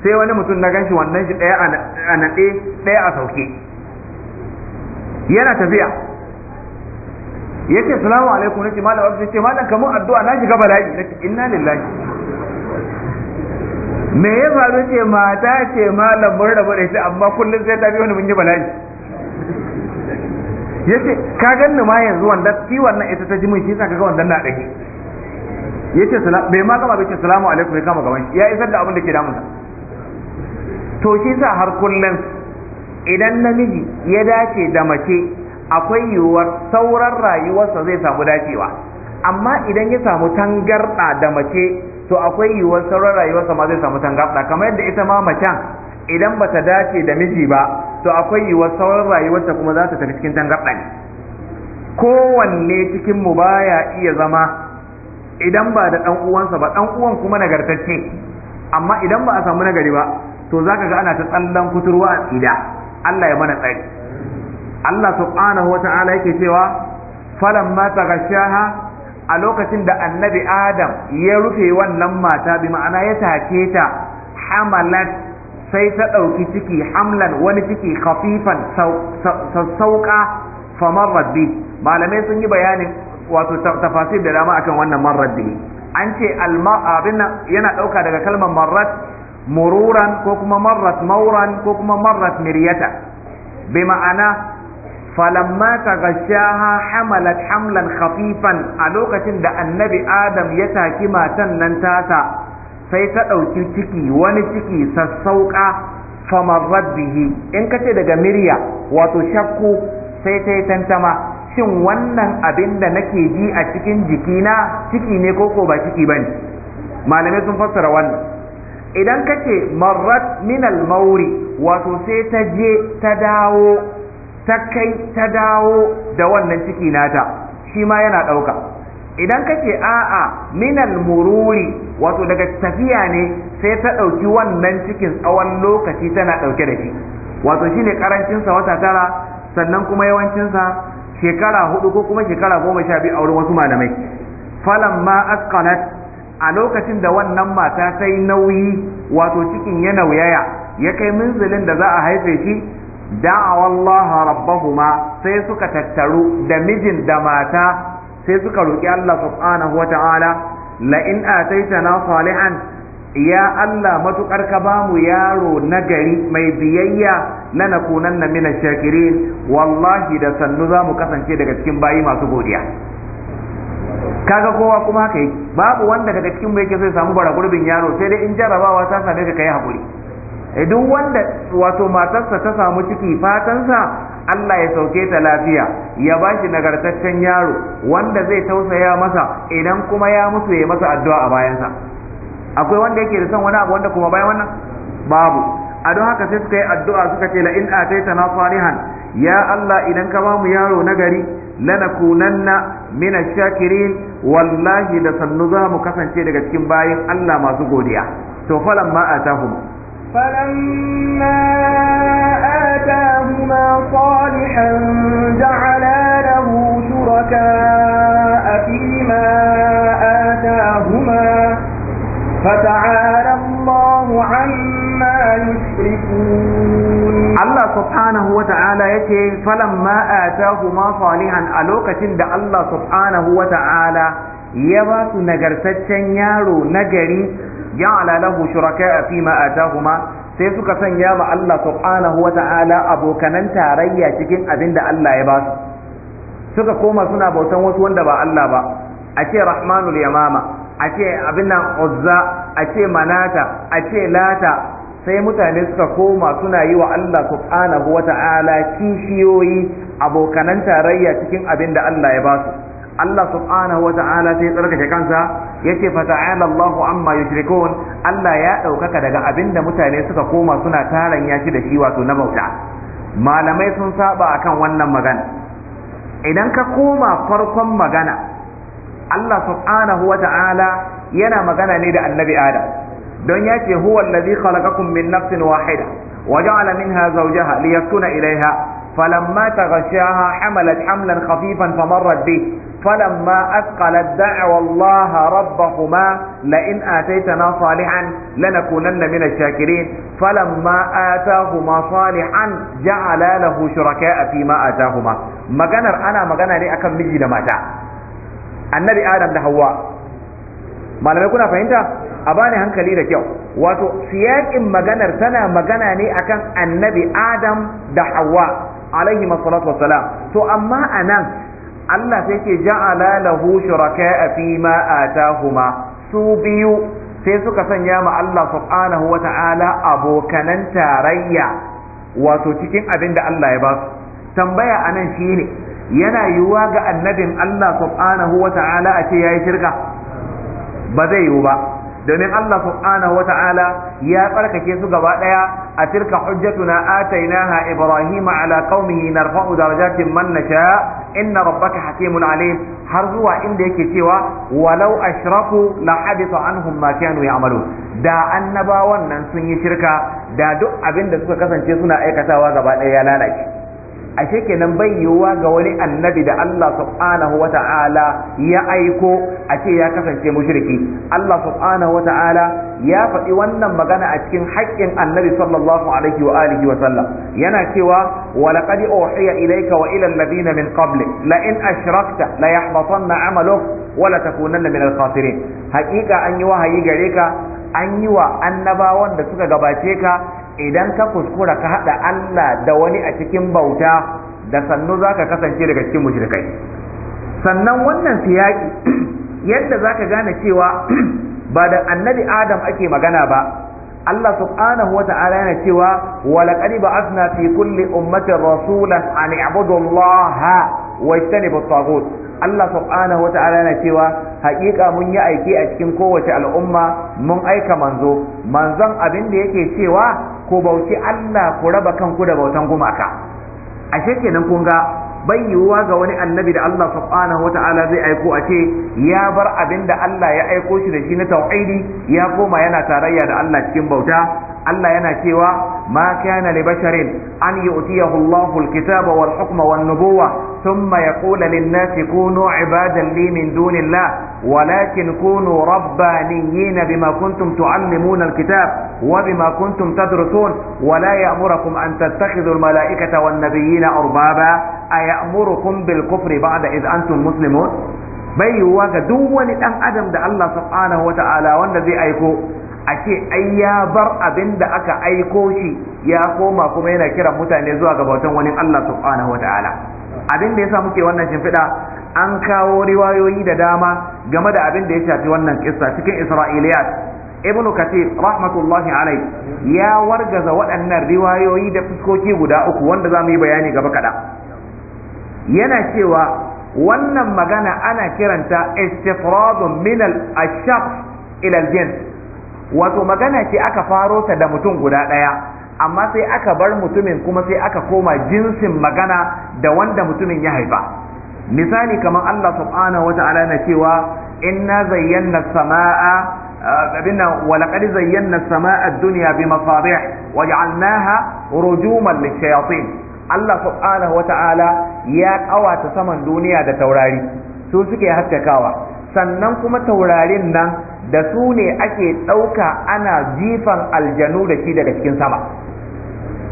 sai wani mutum na ganshi wannan shi daya a naɗe daya a sauke yana tafiya yace salamu alaikum nace malam abu yace malam kamar addu'a na shiga bala'i nace inna lillahi me ya faru ce mata ce malam mun rabu da ita amma kullum sai ta bi wani mun yi bala'i yace ka ganni ma yanzu wanda ki wannan ita ta ji mun shi ka kaga wannan na dake yace salamu bai ma gama bace salamu alaikum ya kama gaban shi ya isar da abin da ke damunsa to shi sa har kullum idan namiji ya dace da mace akwai yiwuwar sauran rayuwarsa zai samu dacewa amma idan ya samu tangarɗa da mace to akwai yiwuwar sauran rayuwarsa ma zai samu tangarɗa kamar yadda ita ma macen idan ta dace da miji ba to akwai yiwuwar sauran rayuwarsa kuma za ta tafi cikin tangarɗa ne kowanne cikin mu baya iya zama idan ba da ɗan uwansa ba ɗan uwan kuma nagartacce amma idan ba a samu nagari ba to zaka ga ana ta tsallan kuturwa a tsida Allah ya mana tsari Allah subhanahu wa ta'ala yake cewa falamma tagashaha a lokacin da annabi adam ya rufe wannan mata bi ma'ana ya take ta hamalat sai ta ɗauki ciki hamlan wani ciki khafifan sassauƙa famar rabbi malamai sun yi bayanin wato tafasir da dama akan wannan marraddi an ce abin yana ɗauka daga kalmar marar mururan ko kuma marar mauran ko kuma marar miryata bi ma'ana falamma tagashaha hamalat hamlan khafifan a lokacin da annabi adam ya taki matan nan tata sai ta ɗauki ciki wani ciki sassauƙa famarrat bihi in kace daga mirya wato shakku sai ta yi tantama shin wannan abin da nake ji a cikin jikina ciki ne koko ba ciki ba ne malamai sun fassara wannan idan kace marrat minal mauri wato sai ta je ta dawo ta kai ta dawo da wannan ciki nata shi ma yana ɗauka idan ka ce a'a minal mururi wato daga tafiya ne sai ta ɗauki wannan cikin tsawon lokaci tana ɗauke da shi wato shine karancinsa wata tara sannan kuma yawancinsa shekara hudu ko kuma shekara goma sha biyu a wurin wasu malamai falan ma askalat a lokacin da wannan mata sai nauyi wato cikin ya nauyaya ya kai minzilin da za a haife shi da'awa Allah rabbahuma sai suka tattaru da mijin da mata sai suka roki Allah subhanahu wata'ala la in na salihan ya Allah matukar ka bamu yaro nagari mai biyayya lanakunanna min ash-shakirin wallahi da sannu zamu kasance daga cikin bayi masu godiya kaga kowa kuma haka yake babu wanda daga cikin mu yake sai samu bara gurbin yaro sai dai in jarabawa ta same ka kai hakuri Eh, duk wanda wato matarsa ta samu ciki fatansa Allah ya sauke ta lafiya ya ba shi nagartaccen yaro wanda zai tausaya masa idan kuma ya mutu ya masa addu'a a bayansa akwai wanda yake da son wani abu wanda kuma bayan wannan babu a don haka sai suka yi addu'a suka ce la in na salihan ya Allah idan ka bamu yaro nagari lanakunanna min ash-shakirin wallahi da sannu za mu kasance daga cikin bayin Allah masu godiya to falan ma atahum فلما آتاهما صالحا جعلا له شركاء فيما آتاهما فتعالى الله عما يشركون الله سبحانه وتعالى يتي فلما آتاهما صالحا ألوكة دا الله سبحانه وتعالى يبات نجرتشن يارو نجري alalahu lahu shuraka'a fi ma sai suka sanya ma Allah subhanahu wa ta'ala abokanan tarayya cikin abin da Allah ya ba su suka koma suna bautan wasu wanda ba Allah ba a ce rahmanul yamama a ce abin nan uzza a ce manata a ce lata sai mutane suka koma suna yi wa Allah subhanahu wa ta'ala kishiyoyi abokanan tarayya cikin abin da Allah ya ba su Allah subhanahu wa ta'ala sai tsarkake kansa yace fa ta'ala Allahu amma yushrikun Allah ya ɗaukaka daga abinda mutane suka koma suna taran ya da shi wato na bauta malamai sun saba akan wannan magana idan ka koma farkon magana Allah subhanahu wa ta'ala yana magana ne da annabi Adam don ya ce huwa allazi khalaqakum min nafsin wahida وجعل منها زوجها ليسكن إليها فلما تغشاها حملت حملا خفيفا فمرت به فلما أثقلت دعوا الله ربهما لئن آتيتنا صالحا لنكونن من الشاكرين فلما آتاهما صالحا جعل له شركاء فيما آتاهما مغنر أنا مغنى لي أكم مجي لماتا النبي آدم ده هو ما لم يكن فهمت أباني هنكلي لك يو واتو سياق مغنر سنة مغنى لي أكم النبي آدم ده حواء alaihi masalatu wasalam to amma anan Allah sai ke ja'ala lahu shuraka'a fi ma atahuma su biyu sai suka sanya ma Allah subhanahu wa ta'ala abokanan tarayya wato cikin abin da Allah ya ba su tambaya anan shine yana yiwuwa ga annabin Allah subhanahu wa ta'ala a ce yayi shirka ba zai yiwu ba domin Allah subhanahu wata'ala ya tsarkake su gaba daya a tilka hujjatuna atainaha ibrahima ala qaumihi narfa'u darajatin man nasha inna rabbaka hakimun alim har zuwa inda yake cewa walau ashraku la hadita anhum ma kanu ya'malu da annabawan nan sun yi shirka da duk abin da suka kasance suna aikatawa gaba daya ya lalace ashe kenan bai yiwuwa ga wani annabi da Allah subhanahu wa ta'ala ya aiko a ce ya kasance mushriki Allah subhanahu wa ta'ala ya faɗi wannan magana a cikin haƙƙin annabi sallallahu alaihi wa alihi wa sallam yana cewa wa laqad uhiya ilayka wa ila alladhina min qablik la in ashrakta la yahbatanna 'amaluk wa la takunanna min al-khasirin haƙiƙa an yi wahayi gare ka an yi wa annabawan da suka gabace ka idan ka kuskura ka haɗa Allah da wani a cikin bauta da sannu za ka kasance daga cikin mushrikai sannan wannan siyaki yadda za ka gane cewa ba da annabi adam ake magana ba Allah subhanahu ta'ala yana cewa wa laqad ba'athna fi kulli ummatin rasulan an i'budu Allah wa ijtanibu at Allah subhanahu ta'ala yana cewa haƙiƙa mun yi aiki a cikin kowace al'umma mun aika manzo manzon abin da yake cewa ku bauci Allah ku raba kanku da bautan gumaka ashe kenan kun ga bai yiwuwa ga wani annabi da Allah subhanahu wata'ala zai aiko a ce ya bar abin da Allah ya aiko shi da shi na tauhidi ya koma yana tarayya da Allah cikin bauta Allah yana cewa ma kana li basharin an yu'tiyahu Allahu al-kitaba wal hukma wan nubuwa thumma yaqulu lin-nasi kunu ibadan li min dunillah ولكن كونوا ربانيين بما كنتم تعلمون الكتاب وبما كنتم تدرسون ولا يأمركم أن تتخذوا الملائكة والنبيين أربابا أيأمركم بالكفر بعد إذ أنتم مسلمون bai yiwuwa ga duk wani ɗan adam da Allah subhanahu wanda zai aiko a ce ai ya bar abin da aka aiko shi ya koma kuma yana kiran mutane zuwa ga bautan wani Allah subhanahu wata'ala abin da yasa muke wannan shimfiɗa an kawo riwayoyi da dama game da abin da ya shafi wannan kissa cikin isra'iliyat ibnu kathir rahmatullahi alai ya wargaza waɗannan riwayoyi da fuskoki guda uku wanda za mu yi bayani gaba kaɗan yana cewa wannan magana ana kiranta istifradun min al-ashaq ila al-jins wato magana ce aka faro ta da mutum guda ɗaya amma sai aka bar mutumin kuma sai aka koma jinsin magana da wanda mutumin ya haifa misali kamar Allah subhanahu wata'ala na cewa inna zayyana sama'a eh, abin wa laqad zayyana sama'a duniya dunya bi masadih waj'alnaha rujuman lish-shayatin Allah subhanahu wata'ala ya kawata saman duniya da taurari su suke haskakawa sannan kuma taurarin nan da su ne ake ɗauka ana jifan aljanu da shi daga cikin sama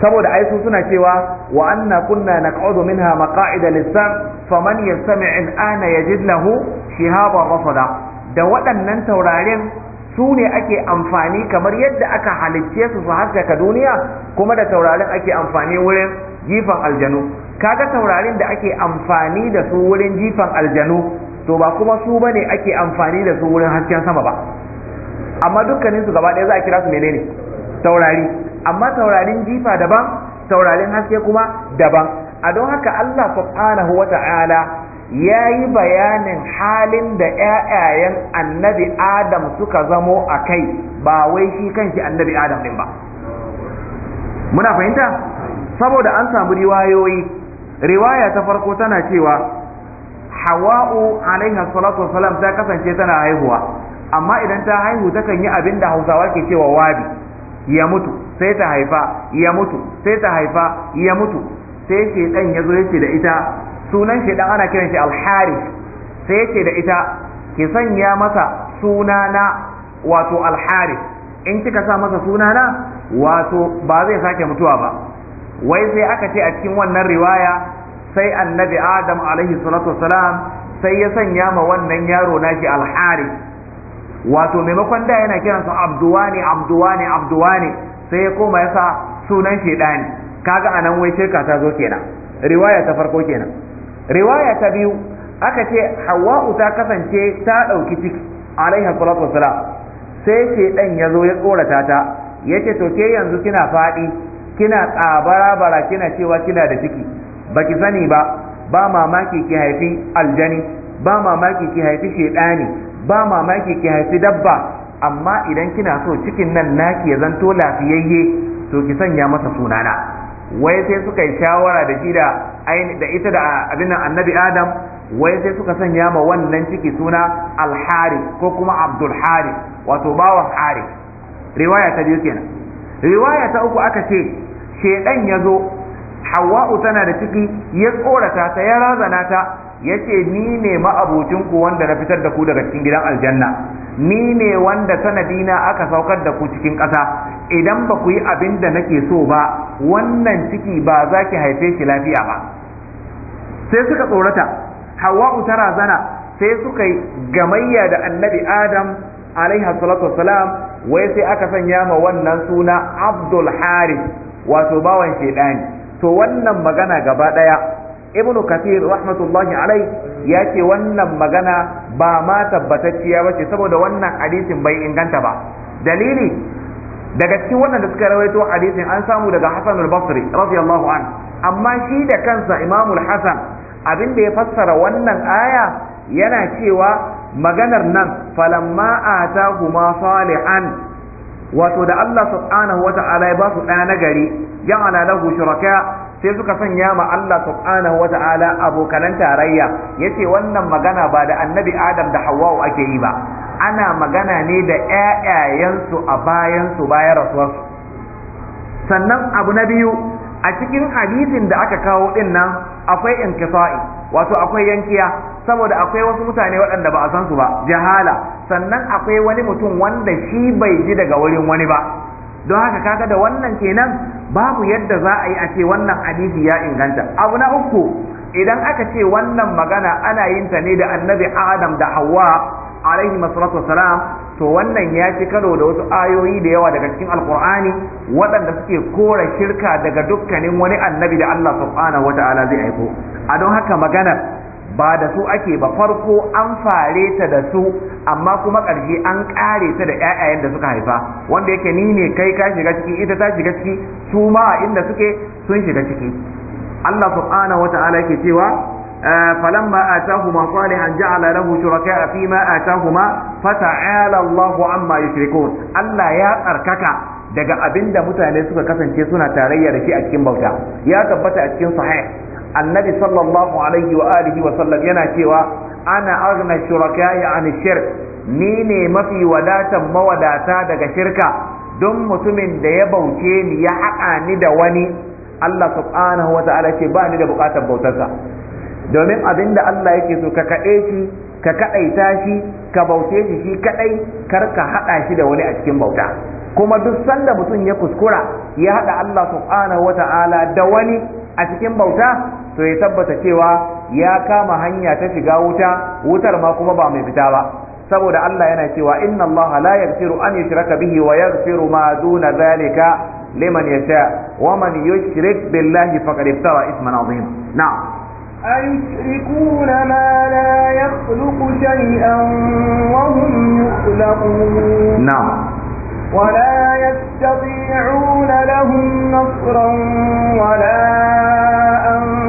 saboda ai su suna cewa wa anna kunna naq'udu minha maqa'ida fa sam faman yastami' al-ana yajid lahu shihaba rafada da waɗannan taurarin su ne ake amfani kamar yadda aka halicce su su haskaka duniya kuma da taurarin ake amfani wurin jifan aljanu kaga taurarin da ake amfani da su wurin jifan aljanu to ba kuma su bane ake amfani da su wurin hasken sama ba amma dukkanin su gaba ɗaya za a kira su menene taurari amma taurarin jifa daban taurarin haske kuma daban a don haka Allah subhanahu wa ta'ala ya yi bayanin halin da ƴaƴayen annabi Adam suka zamo a kai ba wai shi kanshi annabi Adam ɗin ba muna fahimta saboda an samu riwayoyi riwaya ta farko tana cewa hawa'u alaiha salatu wassalam ta kasance tana haihuwa amma idan ta haihu takan yi abinda hausawa ke cewa wabi ya mutu sai ta haifa ya mutu sai ta haifa ya mutu sai shedan ya zo yake da ita sunan shi dan ana kiran shi al-harith sai yake da ita ke sanya masa sunana wato al-harith in kika sa masa suna na wato ba zai sake mutuwa ba wai sai aka ce a cikin wannan riwaya sai annabi adam alaihi salatu wasalam sai ya sanya ma wannan yaro nashi al-harith wato maimakon da yana kiransu abduwani abduwani abduwani sai ya koma ya sa sunan shedani kaga anan wai shirka ta zo kenan riwaya ta farko kenan riwaya ta biyu aka ce hawa'u ta kasance ta ɗauki ciki alaiha salatu wassalam sai shedan ya zo ya tsorata ta yace to ke yanzu kina faɗi kina tsabara bara kina cewa kina da ciki baki sani ba ba mamaki ki haifi aljani ba mamaki ki haifi shedani ba mamaki ki haifi dabba amma idan kina so cikin nan naki ya zanto lafiyayye to ki sanya masa sunana wai sai suka yi shawara da shi da ita da abin annabi adam wai sai suka sanya ma wannan ciki suna alhari ko kuma abdul hari wato bawan hari riwaya ta biyu kenan riwaya ta uku aka ce shedan ya zo hawa'u tana da ciki ya tsorata ta ya razana ta yace ni ne ma'abucin ku wanda na fitar da ku daga cikin gidan aljanna ni ne wanda sanadina aka saukar da ku cikin ƙasa idan ba ku yi abin da nake so ba wannan ciki ba za ki haife shi lafiya ba sai suka tsorata hawa'u ta razana sai suka yi gamayya da annabi adam alaihi salatu wassalam wai sai aka sanya ma wannan suna abdul haris wato bawan shedani to wannan magana gaba daya ibn kathir rahmatullahi alai ya ce wannan magana ba ma tabbatacciya ba ce saboda wannan hadisin bai inganta ba dalili daga cikin waɗanda suka rawaito hadisin an samu daga hasan al-basri radiyallahu an amma shi da kansa imamul hasan abin da ya fassara wannan aya yana cewa maganar nan falamma atahuma salihan wato da Allah subhanahu wata'ala ya ba su ɗa nagari ana lahu shuraka sai suka sanya ma Allah subhanahu wa ta'ala abokanan tarayya yace wannan magana ba da annabi Adam da Hawwa ake yi ba ana magana ne da ƴaƴayensu a bayansu su bayan rasuwarsu sannan abu na biyu a cikin hadisin da aka kawo din nan akwai inkisa'i wato akwai yankiya saboda akwai wasu mutane waɗanda ba a san su ba jahala sannan akwai wani mutum wanda shi bai ji daga wurin wani ba don haka kaga da wannan kenan babu yadda za a yi a ce wannan hadisi ya inganta abu na uku idan aka ce wannan magana ana yin ta ne da annabi adam da hawa alaihi masalatu salam to wannan ya ci karo da wasu ayoyi da yawa daga cikin alkur'ani waɗanda suke kora shirka daga dukkanin wani annabi da allah subhanahu ta'ala zai aiko a don haka maganar ba da su ake ba farko an fare ta da su amma kuma ƙarshe an ƙare ta da ƴaƴayen da suka haifa wanda yake ni ne kai ka shiga ciki ita ta shiga ciki su ma inda suke sun shiga ciki Allah subhanahu wata'ala yake cewa فلما آتاهما صالحا shuraka له شركاء ma آتاهما فتعالى Allah amma yushrikun Allah ya tsarkaka daga abinda mutane suka kasance suna tarayya da shi a cikin bauta ya tabbata a cikin sahih annabi sallallahu alaihi wa wa sallam yana cewa ana aghna shuraka'i ya shirk ni ne mafi wadatan mawadata daga shirka don mutumin da ya bauce ni ya haɗa ni da wani Allah subhanahu wa ta'ala ce ba ni da bukatar bautarsa domin abin da Allah yake so ka kaɗe shi ka kaɗaita shi ka bauce shi kaɗai kar ka haɗa shi da wani a cikin bauta kuma duk sanda mutum ya kuskura ya haɗa Allah subhanahu wata'ala da wani a cikin bauta to ya tabbata cewa ya kama hanya ta shiga wuta wutar ma kuma ba mai fita ba saboda Allah yana cewa inna Allah la yaghfiru an yushraka bihi wa yaghfiru ma duna zalika liman yasha wa man yushrik billahi faqad iftara isman azim na'am أيشركون ما لا يخلق شيئا وهم يخلقون نعم ولا يستطيعون لهم نصرا ولا أن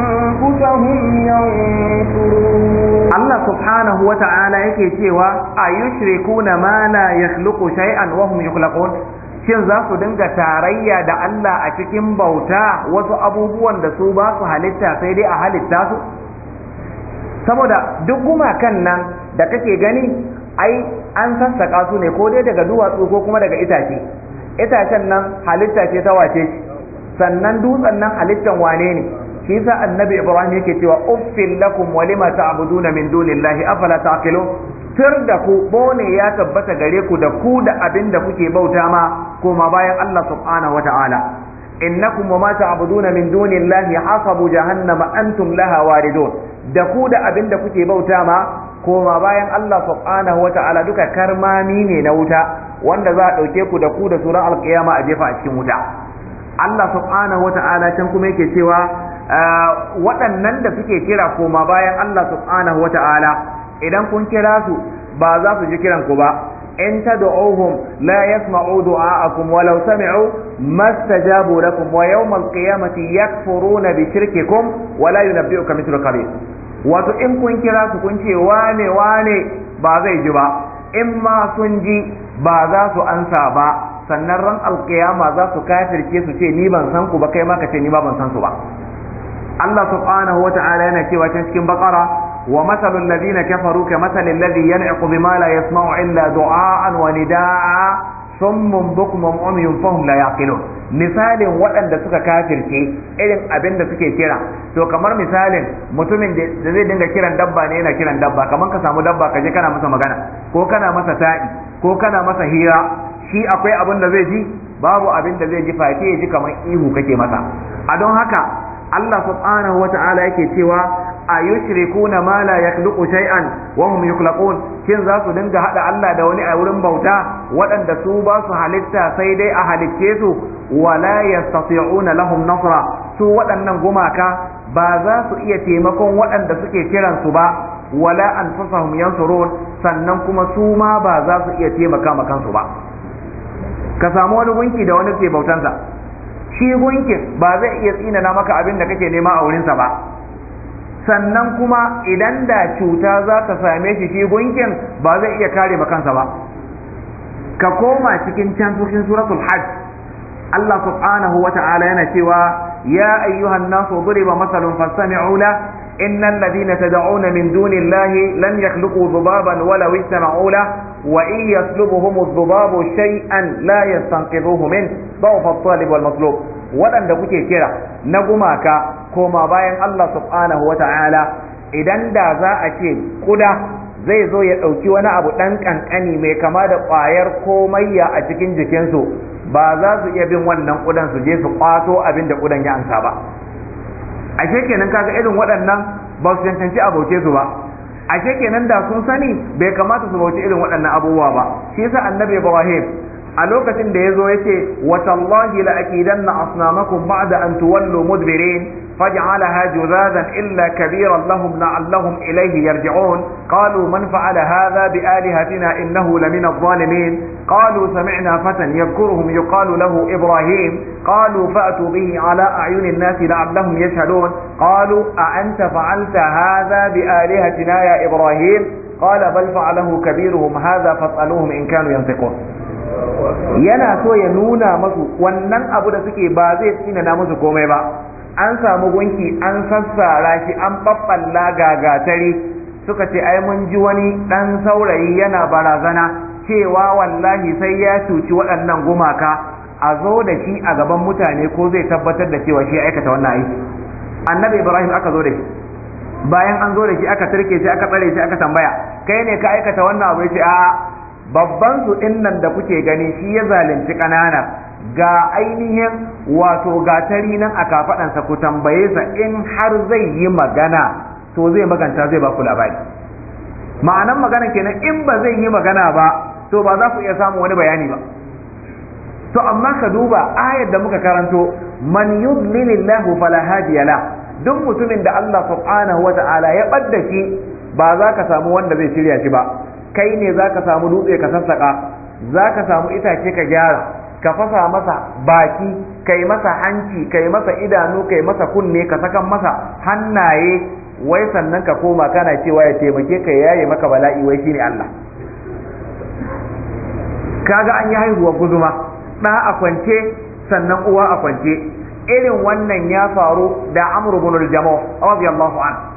Allah هم ينصرون a سبحانه وتعالى يكي تيوا أيشركون ما لا يخلق wa وهم يخلقون shin za su dinga tarayya da Allah a cikin bauta wasu abubuwan da su ba su halitta sai dai a halitta su saboda duk gumakan nan da kake gani ai an sassaka su ne ko dai daga duwatsu ko kuma daga itace itacen nan halitta ce ta wace sannan dutsen nan halittan wane ne shi yasa annabi ibrahim yake cewa uffil lakum wa lima ta'buduna min dunillahi afala taqilun tur da ku bone ya tabbata gare ku da ku da abin da kuke bauta ma koma bayan Allah subhanahu wata'ala innakum wa ma ta'buduna min dunillahi hasabu jahannama antum laha waridun da ku da abin da kuke bauta ma koma bayan Allah subhanahu wata'ala duka karmami ne na wuta wanda za a dauke ku da ku da sura alqiyama a jefa a cikin wuta Allah subhanahu ta'ala can kuma yake cewa waɗannan da suke kira koma bayan Allah subhanahu wa ta'ala idan kun kira su ba za su ji kiran ku ba in ta tad'uhum la yasma'u du'a'akum wa law sami'u mastajabu lakum wa yawm al-qiyamati yakfuruna bi shirkikum wa la yunabbi'uka mithlu khabir wato in kun kira su kun ce wane wane ba zai ji ba in ma sun ji ba za su ansa ba sannan ran alkiyama za su kafirce su ce ni ban san ku ba kai ma ka ce ni ba ban san su ba Allah subhanahu wa ta'ala yana cewa can cikin bakara wa masalul ladina kafaru ka masalil ladhi yan'iqu bima la yasma'u illa du'a'an wa nida'a mun bukmun umyun fahum la yaqilun misalin waɗanda suka kafirce irin abin da suke kira to kamar misalin mutumin da zai dinga kiran dabba ne yana kiran dabba kamar ka samu dabba ka je kana masa magana ko kana masa ta'i ko kana masa hira shi akwai abin da zai ji babu abin da zai ji face ya ji kamar ihu kake masa a don haka Allah subhanahu wa ta'ala yake cewa a yushrikuna ma la yakhluqu shay'an wa hum yukhlaqun kin za su dinga hada Allah da wani a wurin bauta waɗanda su ba su halitta sai dai a halicce su wa la yastati'una lahum nasra su waɗannan gumaka ba za su iya taimakon waɗanda suke kiran su ba wala anfusahum yansurun sannan kuma su ma ba za su iya taimaka ma kansu ba ka samu wani gunki da wani ke bautansa shi gunkin ba zai iya tsinana maka abin da kake nema a wurinsa ba sannan kuma idan da cuta za ta same shi shi gunkin ba zai iya kare kansa ba ka koma cikin can cikin suratul hajj Allah subhanahu wa ta'ala yana cewa ya ayyuhan nasu duriba masalun fastami'u la innal ladina tad'una min dunillahi lan yakhluqu dhubaban walaw istama'u la وإن يسلبهم الذباب شيئا لا يستنقذوه منه ضعف الطالب والمطلوب ولن دكوكي كيرا نقماك كما باين الله سبحانه وتعالى idan da za a ce kuda zai zo ya ɗauki wani abu ɗan ƙanƙani mai kama da ƙwayar komayya a cikin jikinsu ba za su iya bin wannan kudan su je su ƙwato abin da kudan ya ansa ba a kenan kaga irin waɗannan ba su cancanci aboke su ba ashe kenan da sun sani bai kamata su bauci irin waɗannan abubuwa ba shi yasa annabi ibrahim a lokacin da yazo yace watallahi la akidanna asnamakum ba'da an tuwallu mudbirin فجعلها جذاذا إلا كبيرا لهم لعلهم إليه يرجعون قالوا من فعل هذا بآلهتنا إنه لمن الظالمين قالوا سمعنا فتى يذكرهم يقال له إبراهيم قالوا فأتوا به على أعين الناس لعلهم يشهدون قالوا أأنت فعلت هذا بآلهتنا يا إبراهيم قال بل فعله كبيرهم هذا فاسألوهم إن كانوا ينطقون yana so ya nuna masu wannan abu da suke ba zai na musu komai ba an samu gunki an sassara shi an babballa gagatare suka ce ai mun ji wani dan saurayi yana barazana cewa wallahi sai ya cuci waɗannan gumaka a zo da shi a gaban mutane ko zai tabbatar da cewa shi aikata wannan aiki annabi ibrahim aka zo da shi bayan an zo da shi aka turke shi aka tsare shi aka tambaya kai ne ka aikata wannan abu ya ce a'a babban su nan da kuke gani shi ya zalunci ƙanana ga ainihin wato gatari nan a kafaɗansa ku tambaye sa in har zai yi magana to zai maganta zai ba ku labari ma'anan magana kenan in ba zai yi magana ba to ba za ku iya samun wani bayani ba to amma ka duba ayar da muka karanto man yudlilillahu fala hadiya la duk mutumin da Allah subhanahu wata'ala ya badda ba za ka samu wanda zai shirya shi ba kai ne za ka samu dutse ka sassaƙa za ka samu itace ka gyara ka fasa masa baki kai masa hanci kai masa idanu kai masa kunne ka saka masa hannaye wai sannan ka koma kana cewa ya taimake ka yaye maka bala'i wai shine Allah kaga an yi haihuwa guzuma da a kwance sannan uwa a kwance irin wannan ya faru da amru bin al-jamal radiyallahu anhu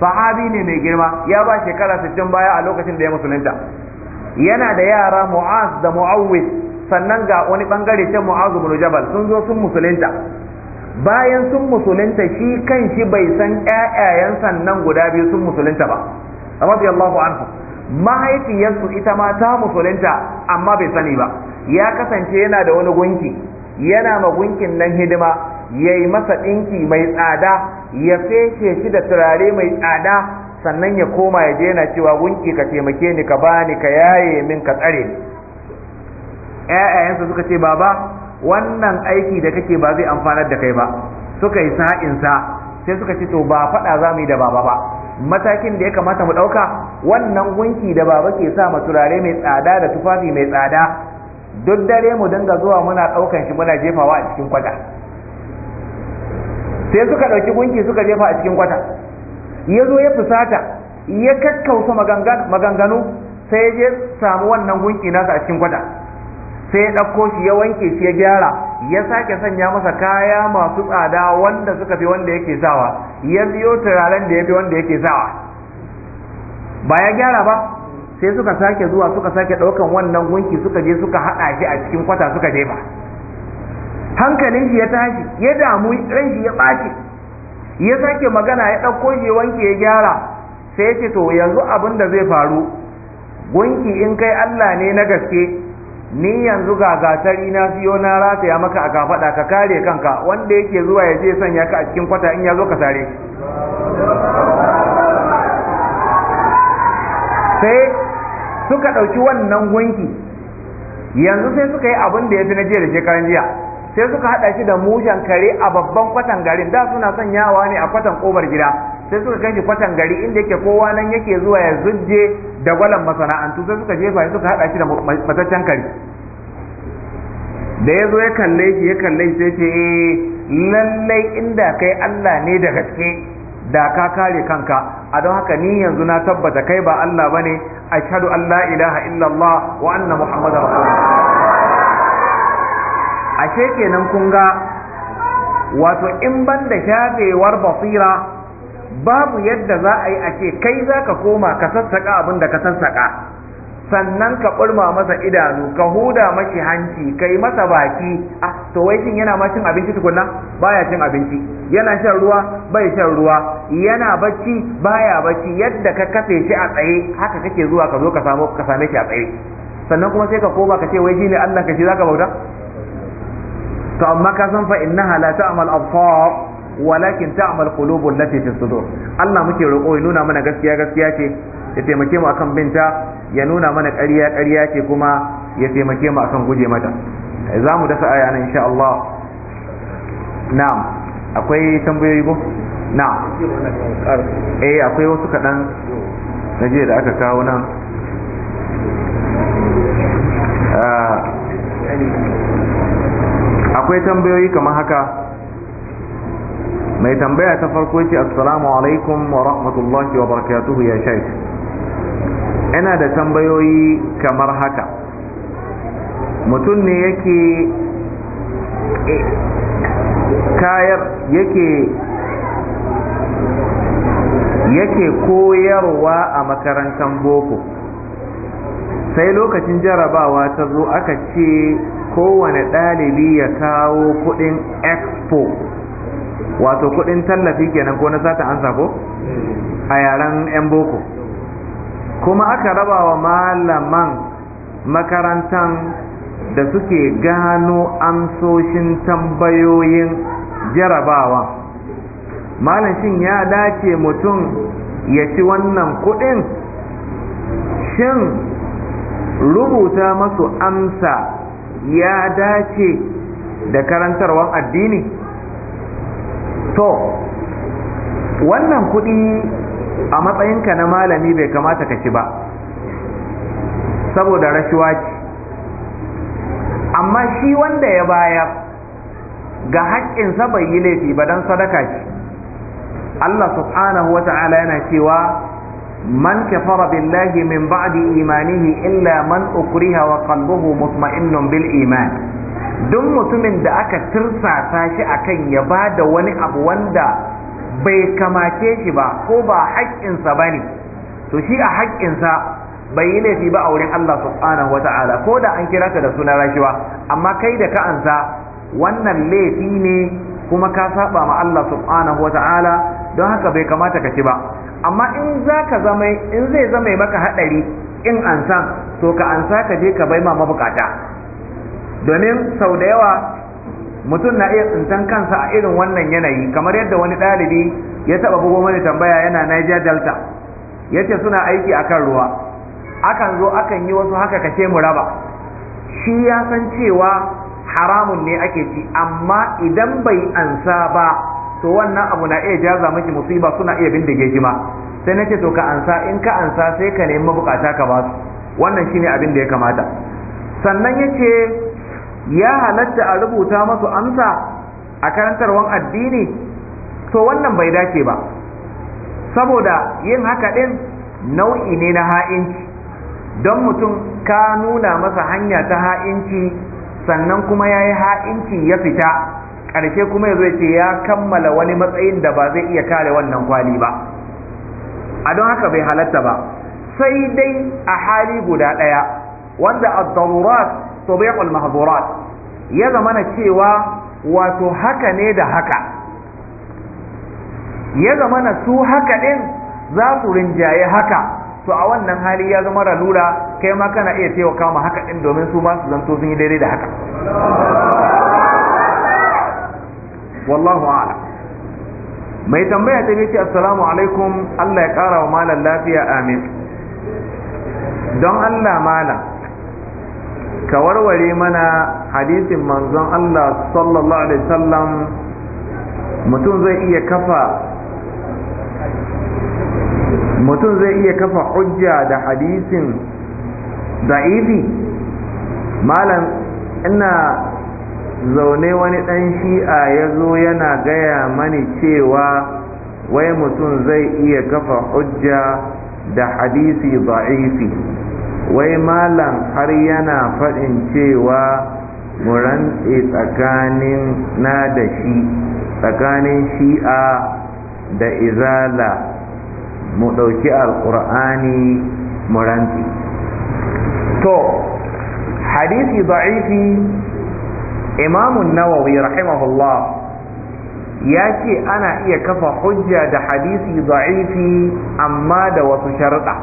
sahabi ne mai girma ya ba shekara 60 baya a lokacin da ya musulunta yana da yara mu'az da mu'awwid sannan ga wani bangare ta mu'az ibn jabal sun zo sun musulunta bayan sun musulunta shi kan shi bai san ƴaƴayen sannan guda biyu sun musulunta ba radiyallahu anhu mahaifiyarsu ita ma ta musulunta amma bai sani ba ya kasance yana da wani gunki yana ma gunkin nan hidima ya yi masa ɗinki mai tsada ya feshe shi da turare mai tsada sannan ya koma ya je cewa gunki ka taimake ni ka bani ka yaye min ka tsare ni ƴaƴayensa suka ce baba wannan aiki da kake ba zai amfanar da kai ba suka yi sa'insa sai suka ce to ba faɗa za mu yi da baba ba matakin da ya kamata mu ɗauka wannan gunki da baba ke sa ma turare mai tsada da tufafi mai tsada duk dare mu dinga zuwa muna ɗaukan shi muna jefawa a cikin kwada sai suka ɗauki gunki suka jefa a cikin kwata ya zo ya fusata ya kakkausa maganganu sai ya je samu wannan gunki nasa a cikin kwata sai ya ɗauko shi ya wanke shi ya gyara ya sake sanya masa kaya masu tsada wanda suka fi wanda yake sawa ya biyo turaren da ya fi wanda yake sawa ba ya gyara ba sai suka sake zuwa suka sake ɗaukan wannan gunki suka je suka haɗa shi a cikin kwata suka jefa hankalin shi ya tashi ya damu ran ya ɓaci ya sake magana ya ɗauko shi wanke ya gyara sai to yanzu abin da zai faru gunki in kai Allah ne na gaske ni yanzu ga gatari na siyo na rataya maka a kafaɗa ka kare kanka wanda yake zuwa ya je sanya ka a cikin kwata in ya zo ka sare sai suka ɗauki wannan gunki yanzu sai suka yi abin da ya fi na jiya da shekaran jiya sai suka hada shi da mushen kare a babban kwatan garin da suna son yawa ne a kwatan kobar gida sai suka kai shi kwatan gari inda yake kowa nan yake zuwa ya zujje da gwalan masana'antu sai suka jefa shi suka hada shi da mataccen kare da ya zo ya kalle shi ya kalle shi sai ce eh lallai inda kai Allah ne da gaske da ka kare kanka a don haka ni yanzu na tabbata kai ba Allah bane ashhadu an la ilaha illallah wa anna muhammadar rasulullah ashe kenan kun ga wato in banda da shafewar basira babu yadda za a yi a ce kai za ka koma ka sassaka abin da ka sassaka sannan ka ɓulma masa idanu ka huda mashi hanci ka yi masa baki A ah, to shin yana ma cin abinci tukunna baya cin abinci yana shan ruwa bai shan ruwa yana bacci baya bacci yadda ka kafe shi a tsaye haka kake zuwa ka zo ka same shi a tsaye sannan kuma sai ka koma ka ce wai ne Allah ka shi ka bauta to amma ka san fa innaha la ta'mal absar walakin ta'mal qulubul lati fi sudur Allah muke roƙo ya nuna mana gaskiya gaskiya ce ya taimake mu akan binta ya nuna mana ƙarya ƙarya ce kuma ya taimake mu akan guje mata za mu dasa aya nan insha Allah na'am akwai tambayoyi ko na'am eh akwai wasu kaɗan na da aka kawo nan ah. akwai tambayoyi kamar haka mai tambaya ta farko ce assalamu alaikum wa rahmatullahi wa barakatuhu ya shaik ina da tambayoyi kamar haka mutum ne yake e, kayar yake yake koyarwa a makarantar boko sai lokacin jarabawa ta zo aka ce kowane ɗalibi ya kawo kuɗin expo wato kuɗin tallafi kenan ko na sata ansa ko a yaren 'yan boko kuma aka raba wa malaman makarantan da suke gano amsoshin tambayoyin jarabawa malam shin ya dace mutum ya ci wannan kuɗin shin rubuta masu amsa ya dace da karantarwar addini to wannan kuɗi a matsayinka na malami bai kamata ka ci ba saboda rashuwa ce amma shi wanda ya bayar ga haƙƙinsa bai yi laifi ba don sadaka ce Allah subhanahu wa ta'ala yana cewa من كفر بالله من بعد إيمانه إلا من أكره وقلبه bil بالإيمان duk mutumin da aka tirsasa shi akan ya ba da wani abu wanda bai kamace shi ba ko ba haƙƙinsa ba ne to shi a haƙƙinsa bai yi laifi ba a wurin Allah subhanahu wa ta'ala ko da an kira ka da suna rashuwa? amma kai da ka ansa wannan laifi ne kuma ka saba ma Allah subhanahu wa ta'ala don haka bai kamata ka ci ba amma in za ka zama in zai zama maka haɗari in ansa to ka ansa ka je ka bai ma mabukata domin sau da yawa mutum na iya tsintan kansa a irin wannan yanayi kamar yadda wani ɗalibi ya taɓa bugo mani tambaya yana Niger Delta ya ce suna aiki a kan ruwa akan zo akan yi wasu haka kace mu raba shi ya san cewa haramun ne ake ci amma idan bai ansa ba to wannan abu na iya jaza miki musiba suna iya bindige shi ma sai nace to ka ansa in ka ansa sai ka nemi mabukata ka ba su wannan shine abin da ya kamata sannan yace ya halatta a rubuta masu amsa a karantarwan addini to wannan bai dace ba saboda yin haka din nau'i ne na ha'inci don mutum ka nuna masa hanya ta ha'inci sannan kuma ya yi ha'inci ya fita ƙarshe kuma ya zo ce ya kammala wani matsayin da ba zai iya kare wannan kwali ba a don haka bai halatta ba sai dai a hali guda ɗaya wanda ad-darurat tubiqul mahdurat ya na cewa wato haka ne da haka ya zama na su haka ɗin za su rinjaye haka to a wannan hali ya zama ralura kai ma kana iya taimakawa ma haka ɗin domin su ma su zanto sun yi daidai da haka wallahu a'lam mai tambaya ta ce assalamu alaikum Allah ya kara wa malam lafiya amin don Allah malam ka warware mana hadisin manzon Allah sallallahu alaihi wasallam mutum zai iya kafa mutum zai iya kafa hujja da hadisin da'ifi malam ina zaune wani ɗan shi'a ya zo yana gaya mani cewa wai mutum zai iya kafa hujja da hadisi ba'ifi wai malam har yana faɗin cewa mu tsakanin na da shi tsakanin shi'a da izala mu ɗauki alƙur'ani mu to hadisi ba'ifi imamun nawawi rahimahullah ya ce ana iya kafa hujja da hadisi za'ifi amma da wasu sharuɗa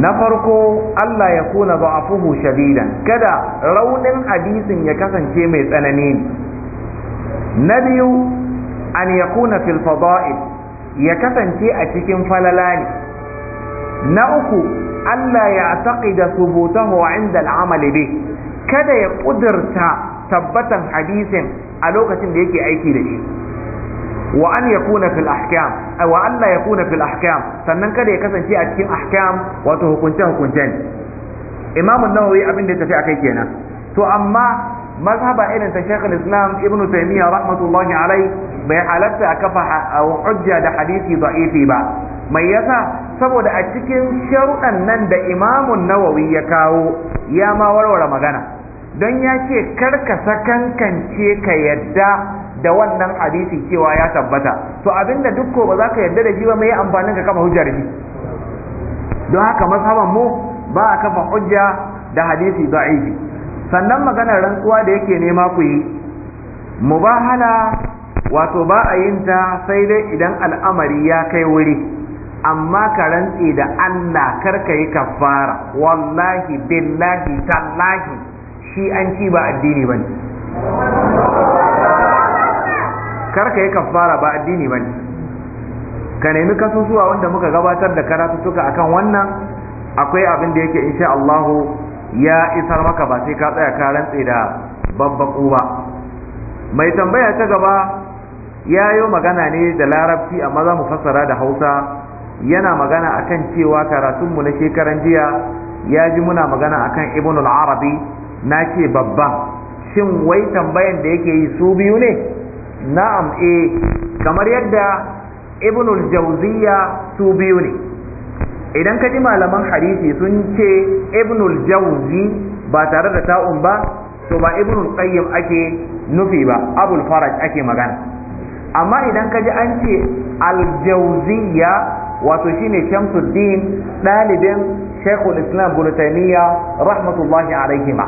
na farko Allah ya kuna za'afuhu shadidan kada raunin hadisin ya kasance mai tsanani ne na biyu an ya kuna fil fada'il ya kasance a cikin falala ne na uku Allah ya taƙi da subutahu inda al'amali bih kada ya ƙudurta tabbatan hadisin a lokacin da yake aiki da shi wa an kuna fil ahkam wa an ya yakuna fil ahkam sannan kada ya kasance a cikin ahkam wato hukunce hukunce imam an-nawawi abin da ya tafi akai kenan to amma mazhaba irin ta shaykhul islam ibn taymiyyah rahmatullahi alai bai halatta a kafa hujja da hadisi da'ifi ba mai yasa saboda a cikin sharuɗan nan da an nawawi ya kawo ya ma warware magana don ya ce karka sakankance ka yadda da wannan hadisi cewa ya tabbata to abinda dukko ba za ka yadda da shi ba mai amfanin ka kafa hujjar shi don haka mazhaban mu ba a kafa hujja da hadisi aiki. sannan maganar rantsuwa da yake nema ku yi mu mubahala wato ba a yin ta sai dai idan al'amari ya kai wuri amma ka rantse da Allah karka yi kafara wallahi billahi tallahi shi an ci ba addini ba ne karka yi kafara ba addini ba ne ka nemi kasusuwa wanda muka gabatar da karatuttuka akan wannan akwai abin da yake insha Allahu ya isar maka ba sai ka tsaya ka rantse da babbaku ba mai tambaya ta gaba ya yi magana ne da larabci amma za mu fassara da hausa yana magana akan cewa karatunmu na shekaran jiya ya ji muna magana akan ibn al-arabi na ce babba shin wai tambayan da yake yi su biyu ne na'am eh kamar yadda ibnul jauziya su biyu ne idan ka ji malaman hadisi sun ce ibnul jauzi ba tare da ta'un ba to ba ibnul qayyim ake nufi ba abul faraj ake magana amma idan ka ji an ce aljauziya wato shine shamsuddin ɗalibin shaikhul islam bulutaniya rahmatullahi alaihima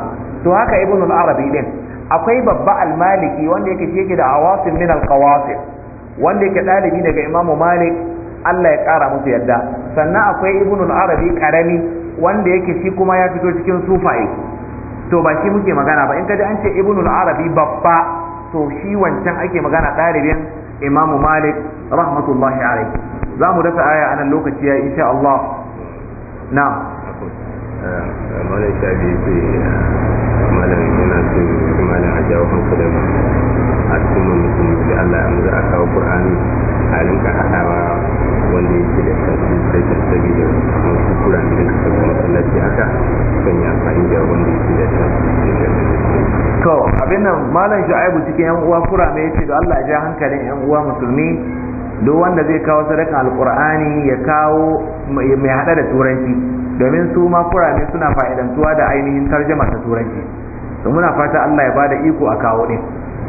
to haka ibn al-arabi din akwai babba al-maliki wanda yake shi yake da awasim min al-qawasim wanda yake dalibi daga imamu malik Allah ya kara musu yadda sannan akwai ibn al-arabi karami wanda yake shi kuma ya fito cikin sufaye to ba shi muke magana ba in kaji an ce ibn al-arabi babba to shi wancan ake magana ɗalibin imamu malik rahmatullahi alaihi za mu dafa aya anan lokaci ya insha Allah na malam yana so ya malam a jawo a al'ummar musulmi da Allah ya amurka a kawo ƙur'ani, a rinka haɗawa wanda yake da translation saboda wasu kura ne da suka zama haka kan yi amfani da wanda yake da translation to abin nan malam shu'aibu cikin yan uwa kura ne yace da Allah ya ja hankalin yan uwa musulmi duk wanda zai kawo sadakan alqur'ani ya kawo mai hada da turanci domin su ma kurame suna fa'idantuwa da ainihin tarjama ta turanci to muna fata Allah ya bada iko a kawo din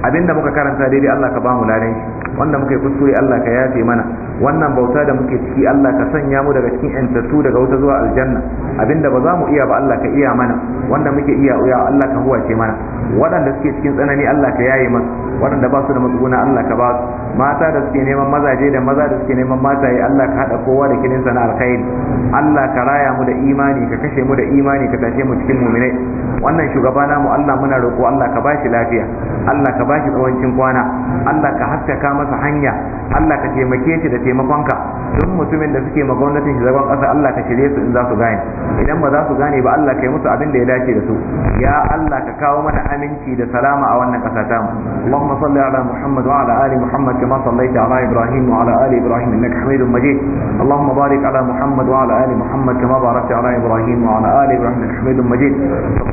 abinda muka karanta daidai Allah ka bamu ladan shi wanda muka yi kuskure Allah ka yafe mana wannan bauta da muke ciki Allah ka sanya mu daga cikin yantattu daga wuta zuwa aljanna abinda ba za mu iya ba Allah ka iya mana wanda muke iya uya Allah ka huwace mana waɗanda suke cikin tsanani Allah ka yaye masu waɗanda ba su da matsuguna Allah ka ba su mata da suke neman mazaje da maza da suke neman mataye Allah ka haɗa kowa da kinin sana'ar alkhairi Allah ka raya mu da imani ka kashe mu da imani ka tashe mu cikin muminai wannan shugaba namu Allah muna roƙo Allah ka bashi lafiya Allah ka bashi tsawancin kwana Allah ka haskaka masa hanya Allah ka taimake shi da taimakonka duk mutumin da suke ma gwamnatin shugaban ƙasa Allah ka shirye su in za su gane idan ba za su gane ba Allah ka yi musu abin da ya dace da su ya Allah ka kawo mana aminci da salama a wannan ƙasa ta mu Allahumma salli ala Muhammad wa ala ali Muhammad kama sallaita ala Ibrahim wa ala ali Ibrahim innaka Hamidum Majid Allahumma barik ala Muhammad wa ala ali Muhammad kama barakta ala Ibrahim wa ala ali Ibrahim innaka Hamidum Majid